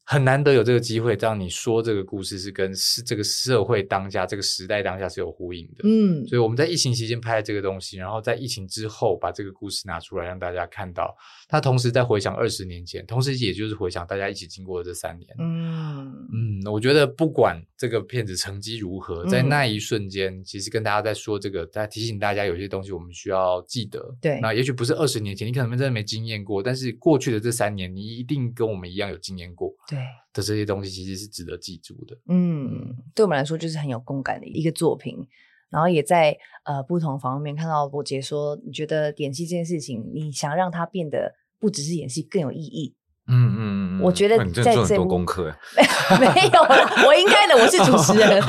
很難得有這個機會讓你說這個故事是跟是這個社會當下這個時代當下是有呼應的，嗯，所以我們在疫情期間拍這個東西，然後在疫情之後把這個故事拿出來讓大家看到，他同時在回想二十年前，同時也就是回想大家一起經過的這三年，嗯嗯，我覺得不管這個片子成績如何，在那一瞬間，其實跟大家在說這個，在提醒大家有些東西我們需要記得，對，那也許不是二十年前，你可能真的沒經驗過，但是過去的這三年，你一定跟我們一樣有經驗過，對。的這些東西其實是值得記住的。嗯，對我們來說就是很有共感的一個作品。然後也在呃不同方面看到柏傑說，你覺得演戲這件事情，你想讓它變得不只是演戲更有意義。嗯嗯嗯我覺得在這、哎，你這很多功課呀！ 沒有啦，我應該的，我是主持人。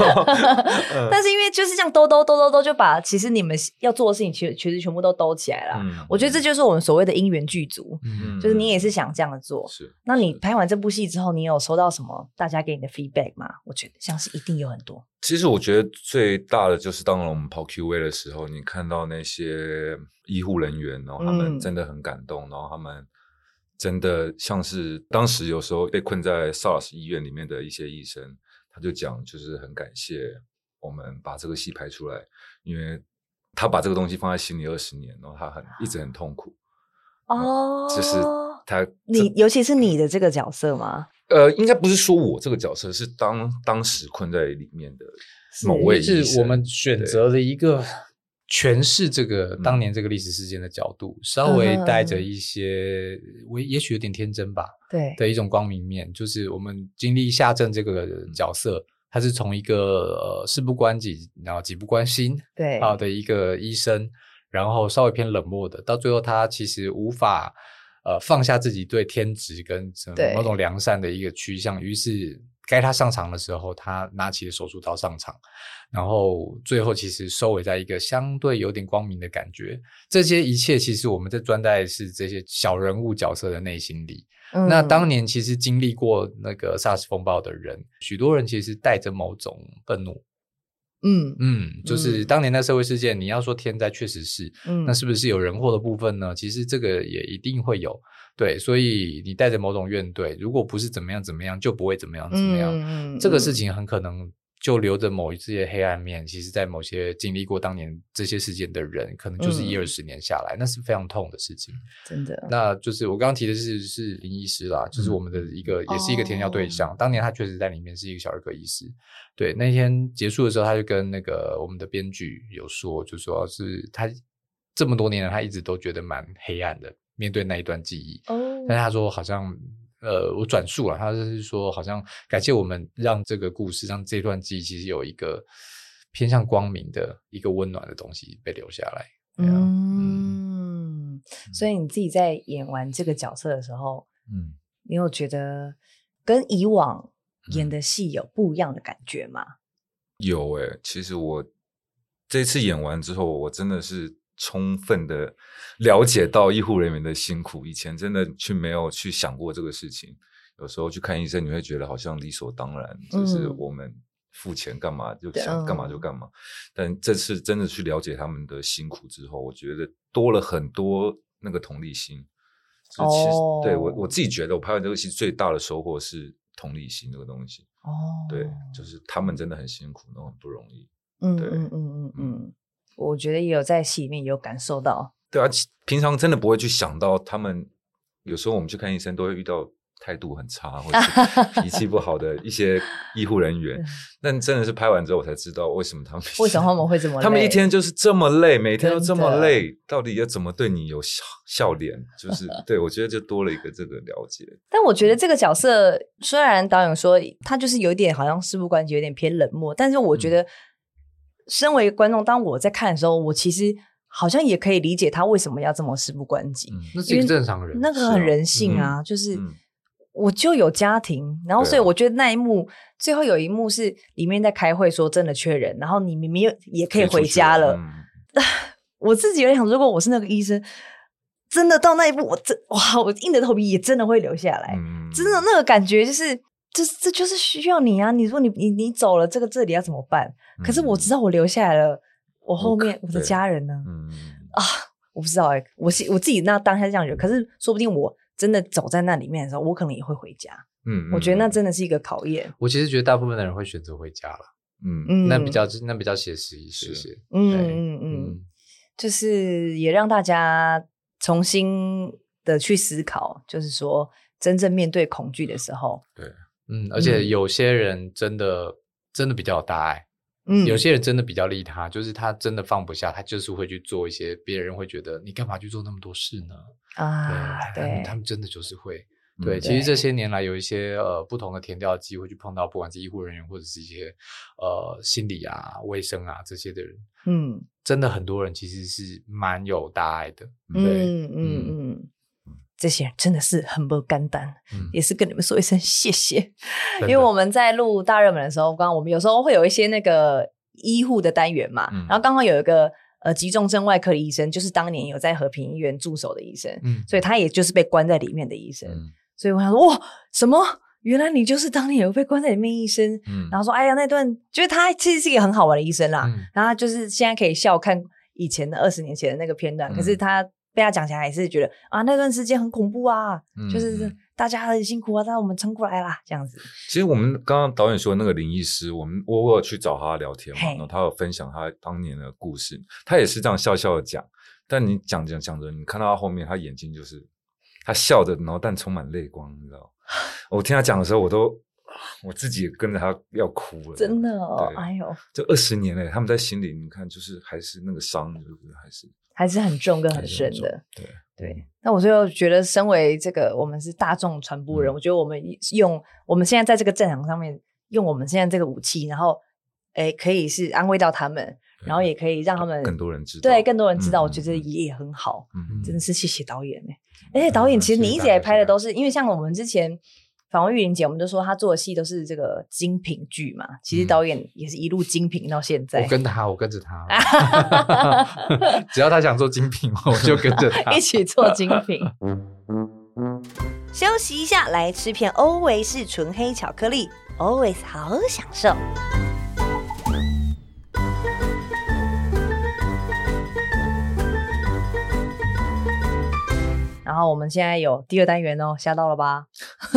但是因為就是這樣兜兜兜兜兜，就把其實你們要做的事情，其實其實全部都兜起來了、嗯。我覺得這就是我們所謂的因緣具足，就是你也是想這樣做。是、嗯嗯，那你拍完這部戲之後，你有收到什麼大家給你的 feedback 嗎？我覺得像是一定有很多。其實我覺得最大的就是當我們跑 Q&A 的時候，你看到那些醫護人員哦，然後他們真的很感動，嗯、然後他們。真的像是當時有時候被困在 SARS 醫院裡面的一些醫生，他就講，就是很感謝我們把這個戲拍出來，因為他把這個東西放在心裡二十年，然後他很一直很痛苦。哦、啊，就是他，oh, 你尤其是你的這個角色嗎？呃，應該不是說我這個角色，是當當時困在裡面的某位醫生。是我們選擇的一個，詮釋這個當年這個歷史事件的角度，嗯、稍微帶着一些我、嗯、也許有點天真吧，對的一種光明面，就是我們經歷夏正這個角色，嗯、他是從一個呃、事不關己然後己不關心對好的一個醫生，然後稍微偏冷漠的，到最後他其實無法呃放下自己對天職跟什麼某種良善的一個趨向，於是，該他上場的時候，他拿起了手術刀上場，然後最後其實收尾在一個相對有點光明的感覺。這些一切其實我們在專注的是這些小人物角色的內心裡、嗯。那當年其實經歷過那個 SARS 風暴的人，許多人其實帶着某種憤怒。嗯嗯，就是當年的社會事件，你要說天災確實是，嗯，那是不是有人禍的部分呢？其實這個也一定會有，對，所以你帶着某種怨懟，如果不是怎麼樣怎麼樣，就不會怎麼樣怎麼樣，嗯嗯，這個事情很可能。就留着某一些黑暗面，其實，在某些經歷過當年這些事件的人，可能就是一二十年下來，那是非常痛的事情。真的，那就是我剛剛提的是是林醫師啦，就是我們的一個、嗯、也是一個田調對象、哦。當年他確實在裡面是一個小兒科醫師。對，那天結束的時候，他就跟那個我們的編劇有說，就說是他這麼多年，他一直都覺得蠻黑暗的，面對那一段記憶。哦、但是他說好像。呃，我轉述了，他是說，好像感謝我們讓這個故事，讓這段記憶，其實有一個偏向光明的一個溫暖的東西被留下來，啊嗯。嗯，所以你自己在演完這個角色的時候，嗯，你有覺得跟以往演的戲有不一樣的感覺嗎？嗯、有誒、欸，其實我這次演完之後，我真的是。充分的了解到醫護人員的辛苦，以前真的去沒有去想過這個事情。有時候去看醫生，你會覺得好像理所當然，就是我們付錢幹嘛就想幹嘛就幹嘛。但這次真的去了解他們的辛苦之後，我覺得多了很多那個同理心。其實對我，我自己覺得，我拍完這個戲最大的收穫是同理心這個東西。哦，對，就是他們真的很辛苦，那種不容易。嗯嗯嗯嗯嗯。我覺得也有在戲裡面也有感受到。對啊，平常真的不會去想到他們，有時候我們去看醫生都會遇到態度很差或者脾氣不好的一些醫護人員。 但真的是拍完之後，我才知道為什麼他們為什麼他們會這麼累？他們一天就是這麼累，每天都這麼累，到底要怎麼對你有笑笑臉？就是對，我覺得就多了一個這個了解。但我覺得這個角色，嗯、雖然導演說他就是有點好像事不關己，有點偏冷漠，但是我覺得、嗯。身為觀眾，當我在看的時候，我其實好像也可以理解他為什麼要這麼事不關己。嗯、那是一個正常人，那個很人性啊。就是我就有家庭、嗯，然後所以我覺得那一幕、啊、最後有一幕是裡面在開會說真的缺人，啊、然後你明明也可以回家了。了嗯、 我自己有點想，如果我是那個醫生，真的到那一步，我真哇，我硬着頭皮也真的會留下來。嗯、真的那個感覺就是。這這就是需要你啊！你說你你你走了，這個這裡要怎麼辦，嗯？可是我知道我留下來了，我後面我，我的家人呢，嗯？啊，我不知道哎、欸，我是我自己那當下這樣覺得，嗯。可是說不定我真的走在那裡面的時候，我可能也會回家。嗯，我覺得那真的是一個考驗。我其實覺得大部分的人會選擇回家了。嗯嗯，那比較那比較寫實一些。嗯嗯嗯，就是也讓大家重新的去思考，就是說真正面對恐懼的時候。嗯、對。嗯，而且有些人真的、嗯、真的比較有大愛，嗯，有些人真的比較利他，就是他真的放不下，他就是會去做一些別人會覺得你幹嘛去做那麼多事呢？啊，對，對對，他們真的就是會對。對，其實這些年來有一些呃不同的田調機會去碰到，不管是醫護人員或者是一些呃心理啊、衛生啊這些的人，嗯，真的很多人其實是蠻有大愛的。嗯嗯嗯。嗯。這些人真的是很不甘膽，嗯，也是跟你們說一聲謝謝。因為我們在錄大熱門的時候，剛剛我們有時候會有一些那個醫護的單元嘛，嗯、然後剛好有一個呃，急重症外科的醫生，就是當年有在和平醫院駐守的醫生，嗯、所以他也就是被關在裡面的醫生。嗯。所以我想說，哇，什麼？原來你就是當年有被關在裡面的醫生。嗯。然後說，哎呀，那段就是他其實是一個很好玩的醫生啦。嗯、然後就是現在可以笑看以前的二十年前的那個片段，可是他。嗯被他講起來也是覺得啊，那段時間很恐怖啊，嗯、就是大家很辛苦啊，但我們撐過來啦。這樣子。其實我們剛剛導演說那個林醫師，我們我有去找他聊天嘛，然後他有分享他當年的故事，他也是這樣笑笑的講。但你講講講着，你看到他後面他眼睛就是他笑着，然後但充滿淚光，你知道？ 我聽他講的時候，我都我自己也跟着他要哭了，真的哦，哎呦，這二十年來他們在心裡，你看就是還是那個傷，就覺、是、還是。還是很重跟很深的，對對、嗯。那我就覺得，身為這個我們是大眾傳播人，嗯、我覺得我們用我們現在在這個戰場上面，用我們現在這個武器，然後誒可以是安慰到他們，然後也可以讓他們更多人知道，對更多人知道，嗯嗯我覺得也，也很好嗯嗯。真的是謝謝導演呢、欸嗯。而且導演其實你一直在拍的都是謝謝因為像我們之前。訪問玉玲姐，我們就說她做的戲都是這個精品劇嘛。其實導演也是一路精品到現在。我跟她，我跟着她，著他 只要她想做精品， 我就跟着他一起做精品。 休息一下，來吃片歐維氏純黑巧克力，Always 好享受。然後我們現在有第二單元哦，嚇到了吧？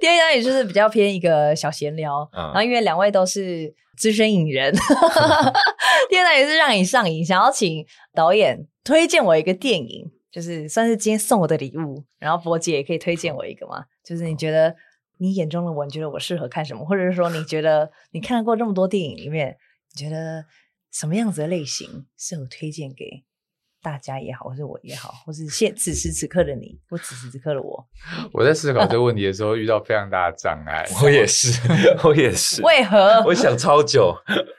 第二單元就是比較偏一個小閒聊。Uh. 然後因為兩位都是資深影人， 第二單元是讓你上影。想要請導演推薦我一個電影，就是算是今天送我的禮物。然後柏傑也可以推薦我一個嘛，就是你覺得你眼中的我，你覺得我適合看什麼？或者是說你覺得你看過這麼多電影裡面，你覺得什麼樣子的類型適合推薦給？大家也好，或是我也好，或是現此時此刻的你，或此時此刻的我，我在思考這個問題的時候， 遇到非常大的障礙。 我也是，我也是。 為何？我想超久。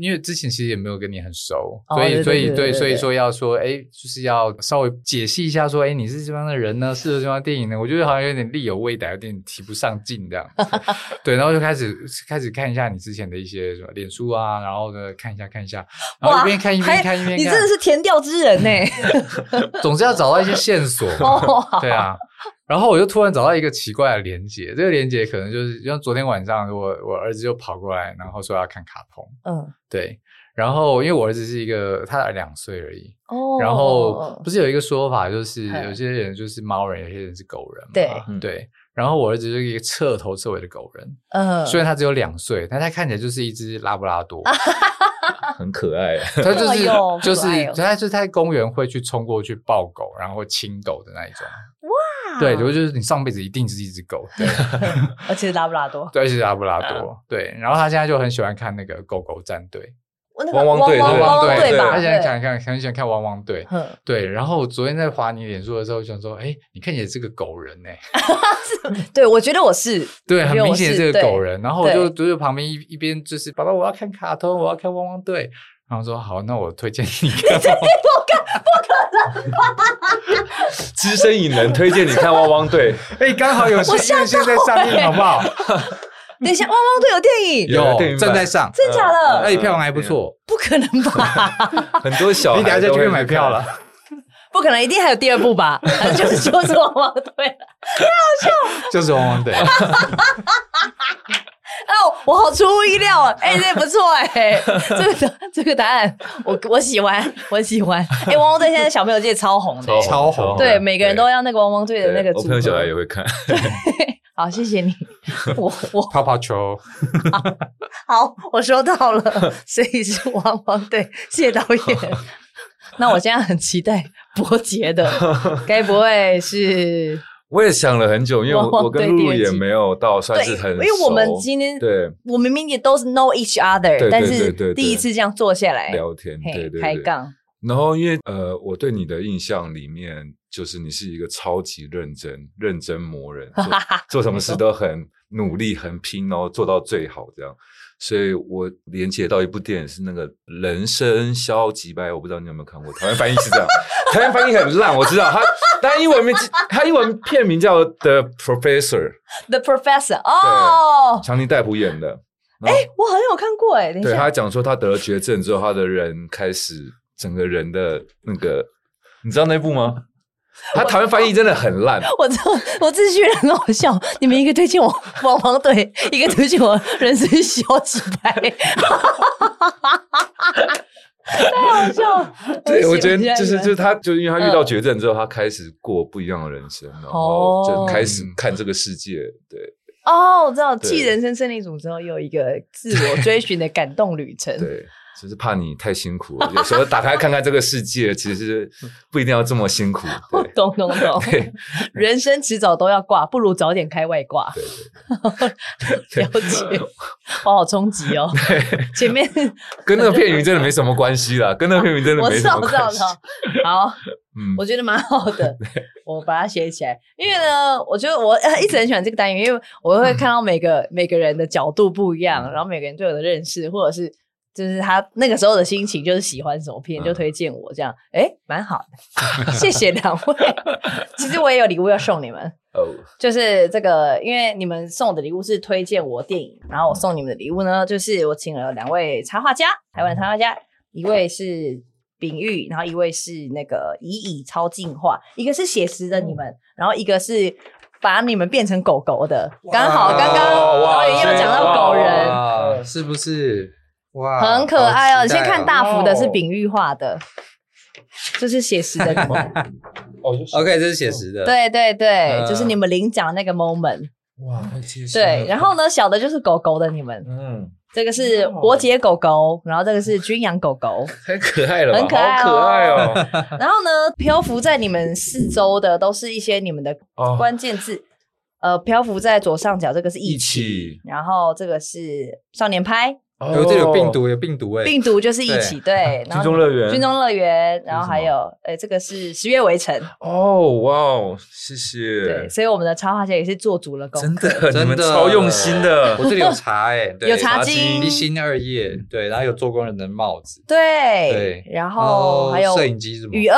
因為之前其實也沒有跟你很熟，哦、所以所以對，對，對，對，對，對，所以說要說，誒就是要稍微解析一下，說，誒你是這邊的人呢，適合這邊電影呢，我覺得好像有點力有未逮，有點提不上勁這樣。 對，然後就開始開始看一下你之前的一些什麼臉書啊，然後呢，看一下看一下，然後一邊看一邊看一邊看，你真的是田調之人呢，欸。嗯、 總之要找到一些線索， 對啊。 然後我就突然找到一個奇怪的連結，這個連結可能就是像昨天晚上我，我我兒子就跑過來，然後說要看卡通。嗯，對。然後因為我兒子是一個，他兩歲而已。哦、然後不是有一個說法，就是有些人就是貓人，有些人是狗人嘛。對、嗯、對。然後我兒子就是一個徹頭徹尾的狗人。嗯。雖然他只有兩歲，但他看起來就是一隻拉布拉多， 很可愛。他就是、哎哦、就是，他就在、是、公園會去衝過去抱狗，然後親狗的那一種。對，如果就是你上輩子一定是一隻狗，而且是拉布拉多，對，而且是拉布拉多，啊，對。然後他現在就很喜歡看那個狗狗戰隊，哦那個，汪汪隊，汪汪隊他現在看看對，很喜歡看汪汪隊，嗯，對。然後我昨天在滑你臉書的時候，我想說，哎、欸，你看你也是個狗人哎，欸啊。對，我覺得我是，對，很明顯是個狗人。然後我就坐在旁邊一一邊，就是寶寶，把我要看卡通，我要看汪汪隊。然後說好，那我推薦你看我。你看資 深影人推薦你看汪隊《汪汪隊》。哎，剛好有時間，我欸、現在上映好不好？等一下，《汪汪隊》有電影有電影，正在上，真假的哎，票房還不錯。不可能吧？ 很多小孩，你等下就可以買票了。不可能，一定還有第二部吧？ 就是汪汪 就是《汪汪隊》，太好笑了，就是《汪汪隊》。哦，我好出乎意料啊！哎、欸，這也不錯哎、欸， 這個這個答案我我喜歡，我喜歡。哎、欸，汪汪隊現在小朋友界超紅的，超紅。對，超紅，每個人都要那個汪汪隊的那個。組合。我看到小孩也會看對。對，好，謝謝你。我我。 泡泡球。好，好我收到了。所以是汪汪隊，謝謝導演。那我現在很期待柏傑的， 該不會是？我也想了很久，因為我我跟露露也沒有到算是很熟，因為我們今天對我們明明也都是 know each other，對對對對，但是第一次這樣坐下來聊天，對對對，對，槓。然後因為、嗯、呃，我對你的印象裡面，就是你是一個超級認真、認真魔人 做，做什麼事都很努力、很拼哦，做到最好這樣。所以我連接到一部電影是那個人生消極掰，我不知道你有沒有看過。台灣翻譯是這樣， 台灣翻譯很爛， 我知道。他但英文 他英文名，他英文片名叫《The Professor》，The Professor，哦，強、oh. 尼戴普演的。哎、欸，我好像有看過哎、欸。對，他講說，他得了絕症之後，他的人開始整個人的那個，你知道那部嗎？他台灣翻譯真的很爛，我這我自己覺得很好笑。你們一個推薦我《汪汪隊》，一個推薦我《人生消極掰》， 太好笑了，對，我覺得就是就是、嗯、就他，就因為他遇到絕症之後，他開始過不一樣的人生，哦、然後就開始看這個世界。對，哦，我知道繼人生勝利組之後，又一個自我追尋的感動旅程。對。 對就是怕你太辛苦了， 有時候打開看看這個世界， 其實不一定要這麼辛苦。懂懂懂。人生遲早都要掛，不如早點開外掛。對，對，對 了解，好好衝擊哦。前面跟那個片名真的沒什麼關係啦， 啊，跟那個片名真的沒什麼關係。我知道，知道。好， 嗯，我覺得蠻好的，我把它寫起來，因為呢，我覺得我呃一直很喜歡這個單元，因為我會看到每個、嗯、每個人的角度不一樣，嗯，然後每個人對我的認識，或者是。就是他那個時候的心情，就是喜歡什麼片就推薦我這樣，誒、嗯、欸、蠻好的， 謝謝兩位。 其實我也有禮物要送你們哦，就是這個，因為你們送我的禮物是推薦我電影，然後我送你們的禮物呢，就是我請了兩位插畫家，台灣的插畫家、嗯，一位是秉玉，然後一位是那個乙乙超進化，一個是寫實的你們、嗯，然後一個是把你們變成狗狗的，剛好剛剛導演也有講到狗人，是不是？喔、很可愛哦、喔喔！你先看大幅的，是的，是丙玉畫的，這是寫實的嗎？ 你們 哦，OK，這、就是寫實的。對對對，呃、就是你們領獎那個 moment。哇，很寫實。對，然後呢，小的就是狗狗的你們。嗯，這個是柏傑狗狗，然後這個是君陽狗狗，很可愛了，很可愛、喔，可愛哦、喔。 然後呢，漂浮在你們四周的都是一些你們的關鍵字、哦。呃，漂浮在左上角這個是疫起，然後這個是少年派。有、oh, 這有病毒，有病毒誒、欸、病毒就是疫起對，對然後，軍中樂園，軍中樂園，然後還有，哎、欸，這個是十月圍城。哦，哇，哦，謝謝。對，所以我們的插畫家也是做足了功課，真的，真的你們超用心的。 我這裡有茶、欸，哎，有茶金，一心二意。對，然後有做工人的帽子，對，對然後還有攝、哦、影機什麼，餘餌，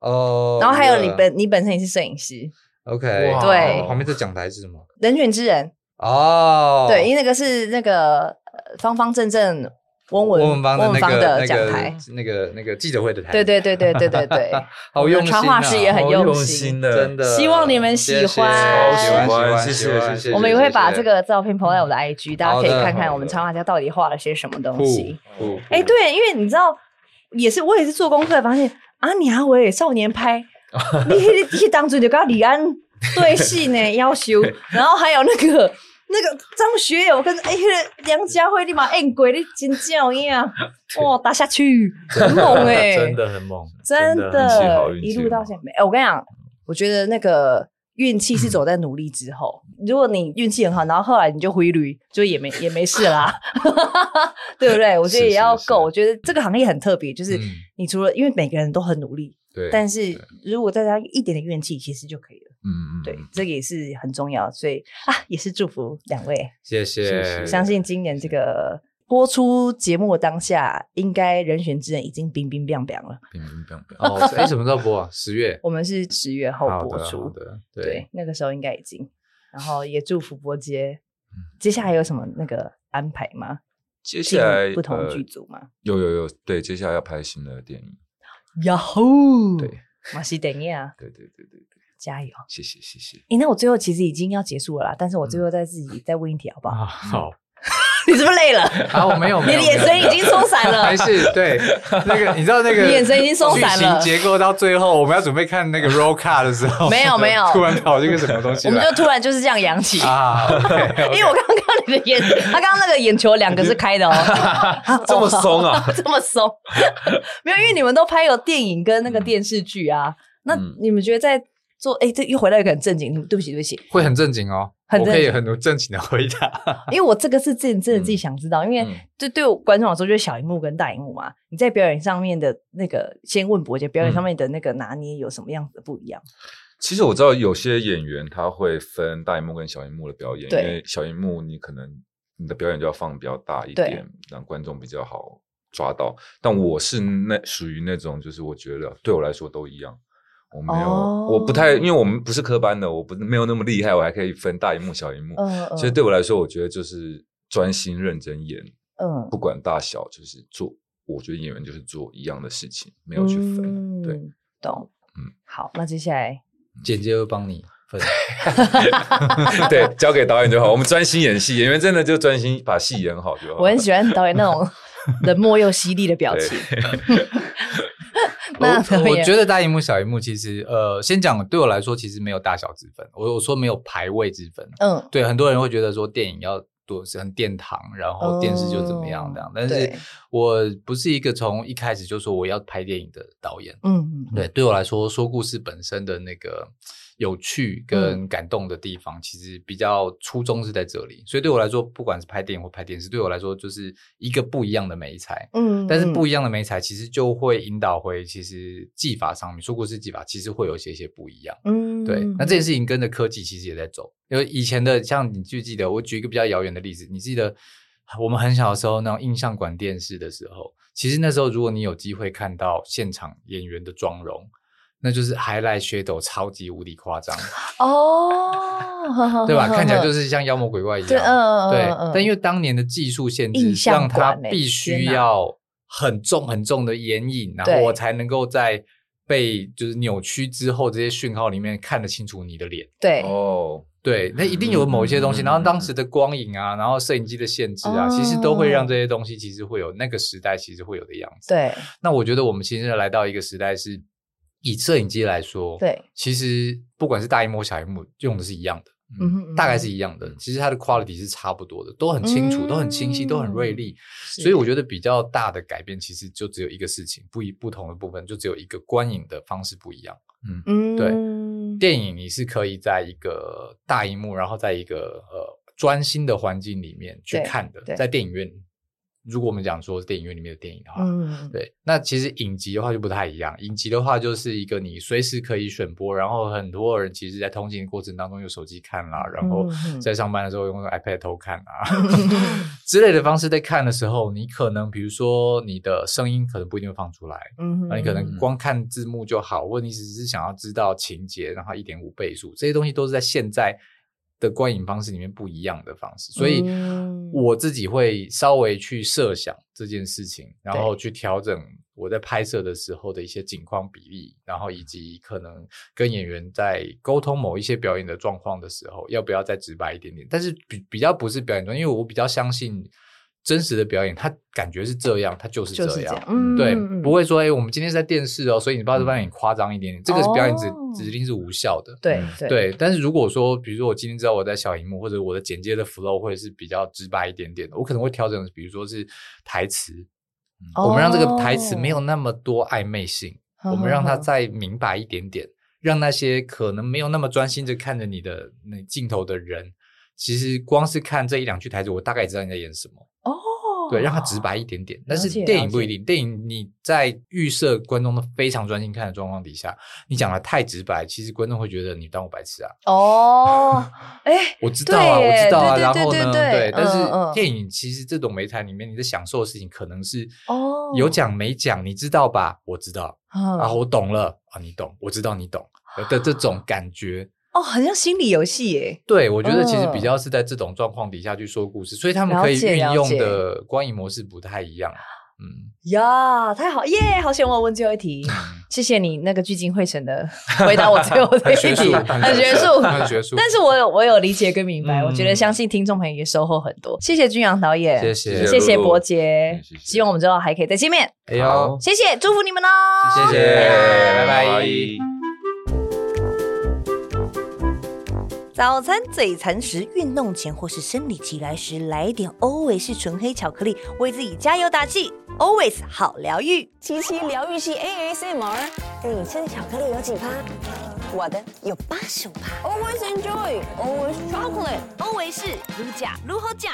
哦，然後還有你本你本身也是攝影師。OK，、wow、對，旁邊這講台是什麼？人選之人。哦、oh，對，因為那個是那個。方方正正，溫文溫文的那個那講台，那個、那個、那個記者會的台，對對對對對對對， 好用心、啊，插畫師也很用心，用心的，真的，希望你們喜歡，謝謝，超喜歡，喜，歡喜歡，謝謝謝謝。我們也會把這個照片，放在我的 IG，謝謝謝謝我我的 IG 的大家可以看看我們插畫家到底畫了些什麼東西。哎、欸，對，因為你知道，也是我也是做功課發現，啊，李阿偉少年派， 你你你當初就跟李安對戲呢，要修， 然後還有那個。那個張學友跟哎，梁、欸、那個、家輝立馬按鬼的尖叫一樣，哇、哦，打下去很猛哎、欸， 真的很猛，真的，真的一路到現在沒。欸、我跟你講，我覺得那個運氣是走在努力之後。嗯、如果你運氣很好，然後後來你就回驢，就也沒也沒事啦、啊， 對不對？我覺得也要夠。 是是是，我覺得這個行業很特別，就是你除了、嗯、因為每個人都很努力，對，但是如果再加一點點運氣，其實就可以。嗯，嗯，對，這個也是很重要，所以啊，也是祝福兩位，謝謝。是是是是，相信今年這個播出節目當下，應該人選之人已經冰冰冰冰了，冰冰冰冰。哦，哎、 欸，什麼時候播啊？十月？我們是十月後播出的，的對，對，那個時候應該已經。然後也祝福柏傑，接下來有什麼那個安排嗎？接下來不同劇組嗎、呃？有有有，對，接下來要拍新的電影。呀吼！對，馬戲電影啊，對對對對，對，對。加油！謝謝謝謝。哎、欸，那我最後其實已經要結束了啦，但是我最後再自己再問一題好不好？啊、好，嗯、 你是不是累了？好、啊，我沒有，你眼神已經鬆散了。還是對那個，你知道那個眼神已經鬆散了。劇情結構到最後，我們要準備看那個 roll card 的時候，沒 有沒有，突然好這個什麼東西？ 我們就突然就是這樣揚起 啊！因、okay, 為、okay. 欸、我剛剛看你的眼，他、 啊、剛剛那個眼球兩個是開的哦， 這麼鬆啊， 這麼鬆。 沒有，因為你們都拍有電影跟那個電視劇啊，嗯、那你們覺得在說哎、欸，這又回來一個很正經。對不起，對不起，會很正經哦很正經，我可以很正經的回答。因為我這個是自己真的自己想知道，嗯、因為對對我觀眾來說就是小熒幕跟大熒幕嘛、啊嗯。你在表演上面的那個，先問柏傑表演上面的那個拿捏有什麼樣子的不一樣、嗯？其實我知道有些演員他會分大熒幕跟小熒幕的表演，對因為小熒幕你可能你的表演就要放比較大一點，讓觀眾比較好抓到。但我是那屬於那種，就是我覺得對我來說都一樣。我沒有，oh. 我不太，因為我們不是科班的，我不沒有那麼厲害，我還可以分大銀幕、小銀幕。其、uh, uh. 以對我來說，我覺得就是專心認真演，嗯、uh.，不管大小，就是做。我覺得演員就是做一樣的事情，沒有去分。嗯、對，懂。嗯，好，那接下來，剪接會幫你分。 Yeah . 對，交給導演就好。我們專心演戲， 演員真的就專心把戲演好就好。我很喜歡導演那種冷漠又犀利的表情。 對 我我覺得大銀幕、小銀幕其實，呃，先講對我來說，其實沒有大小之分。我我說沒有排位之分。嗯，對，很多人會覺得說電影要多像殿堂，然後電視就怎麼樣這樣。但是我不是一個從一開始就說我要拍電影的導演。嗯，嗯，對，對我來說，說故事本身的那個。有趣跟感動的地方，嗯、其實比較初衷是在這裡。所以對我來說，不管是拍電影或拍電視，對我來說就是一個不一樣的媒材。嗯，嗯，但是不一樣的媒材其實就會引導回其實技法上面，說過是技法，其實會有一些些不一樣。嗯，嗯，對。那這件事情跟着科技其實也在走，因為以前的像你記不記得，我舉一個比較遙遠的例子，你記得我們很小的時候那種映像管電視的時候，其實那時候如果你有機會看到現場演員的妝容。那就是還來血鬥，超級無敵誇張哦，oh, 對吧？Oh, oh, oh, oh. 看起來就是像妖魔鬼怪一樣，對，對嗯對嗯、但因為當年的技術限制，讓他必須要很重很重的眼影、欸、然後我才能夠在被就是扭曲之後這些訊號裡面看得清楚你的臉。對，哦、oh, 嗯，對，那一定有某一些東西、嗯，然後當時的光影啊，然後攝影機的限制啊、嗯，其實都會讓這些東西其實會有那個時代其實會有的樣子。對，那我覺得我們其實來到一個時代是。以攝影機來說，對，其實不管是大銀幕、小銀幕，用的是一樣的，嗯，嗯，大概是一樣的、嗯嗯。其實它的 quality 是差不多的，都很清楚，嗯、都很清晰，嗯、都很銳利、嗯。所以我覺得比較大的改變，其實就只有一個事情，不以不同的部分就只有一個觀影的方式不一樣。嗯，嗯對，嗯對，電影你是可以在一個大銀幕，然後在一個呃專心的環境裡面去看的，在電影院。如果我們講說電影院裡面的電影的話，嗯，對，那其實影集的話就不太一樣。影集的話就是一個你隨時可以選播，然後很多人其實，在通勤過程當中用手機看啦，然後在上班的時候用 iPad 偷看啊，嗯， 之類的方式在看的時候，你可能比如說你的聲音可能不一定會放出來，嗯哼嗯哼，那你可能光看字幕就好，問題只是想要知道情節，然後一點五倍數，這些東西都是在現在。的觀影方式裡面不一樣的方式，所以我自己會稍微去設想這件事情，然後去調整我在拍攝的時候的一些景框比例，然後以及可能跟演員在溝通某一些表演的狀況的時候，要不要再直白一點點。但是比比較不是表演中，因為我比較相信。真實的表演，他感覺是這樣，他就是這樣，就是這樣嗯，對，不會說哎、欸，我們今天是在電視哦，所以你不把這表演誇張一點點，嗯、這個是表演指、哦、指令是無效的，對對，對。但是如果說，比如說我今天知道我在小熒幕或者我的剪接的 flow 會是比較直白一點點的，我可能會調整，比如說是台詞、嗯哦，我們讓這個台詞沒有那麼多曖昧性，哦、我們讓它再明白一點點呵呵，讓那些可能沒有那麼專心的看着你的那鏡頭的人。其實光是看這一兩句台詞，我大概知道你在演什麼哦。Oh, 對，讓它直白一點點。但是電影不一定，電影你在預設觀眾都非常專心看的狀況底下，你講的太直白，其實觀眾會覺得你當我白痴啊。哦，誒，我知道啊，我知道啊。道啊，對對對對對對，然後呢？對，對、嗯，但是電影其實這種媒體裡面，你在享受的事情可能是哦，有講沒講，oh, 你知道吧？我知道。嗯、啊，我懂了啊，你懂，我知道你懂的這種感覺。哦，好像心理遊戲耶！對，我覺得其實比較是在這種狀況底下去說故事、嗯，所以他們可以運用的觀影模式不太一樣。嗯，呀、yeah,，太好耶！Yeah, 好，想我問最後一題， 謝謝你那個聚精會神的回答，我最後的一題 很學術，很學術。很學術很學術 但是我有我有理解跟明白、 嗯，我覺得相信聽眾朋友也收穫很多。謝謝君陽導演，謝謝、嗯、謝謝柏傑、嗯，希望我們之後還可以再見面。哎好，謝謝，祝福你們嘍、哦！謝謝，yeah, 拜拜。拜拜早餐最饞時、運動前或是生理期來時，來點歐維 s 純黑巧克力，為自己加油打氣。Always 好療癒，七七療癒系 A A C M R。你吃的巧克力有幾趴？我的有八十五塊。Always enjoy，Always chocolate，a y s 如假如何假？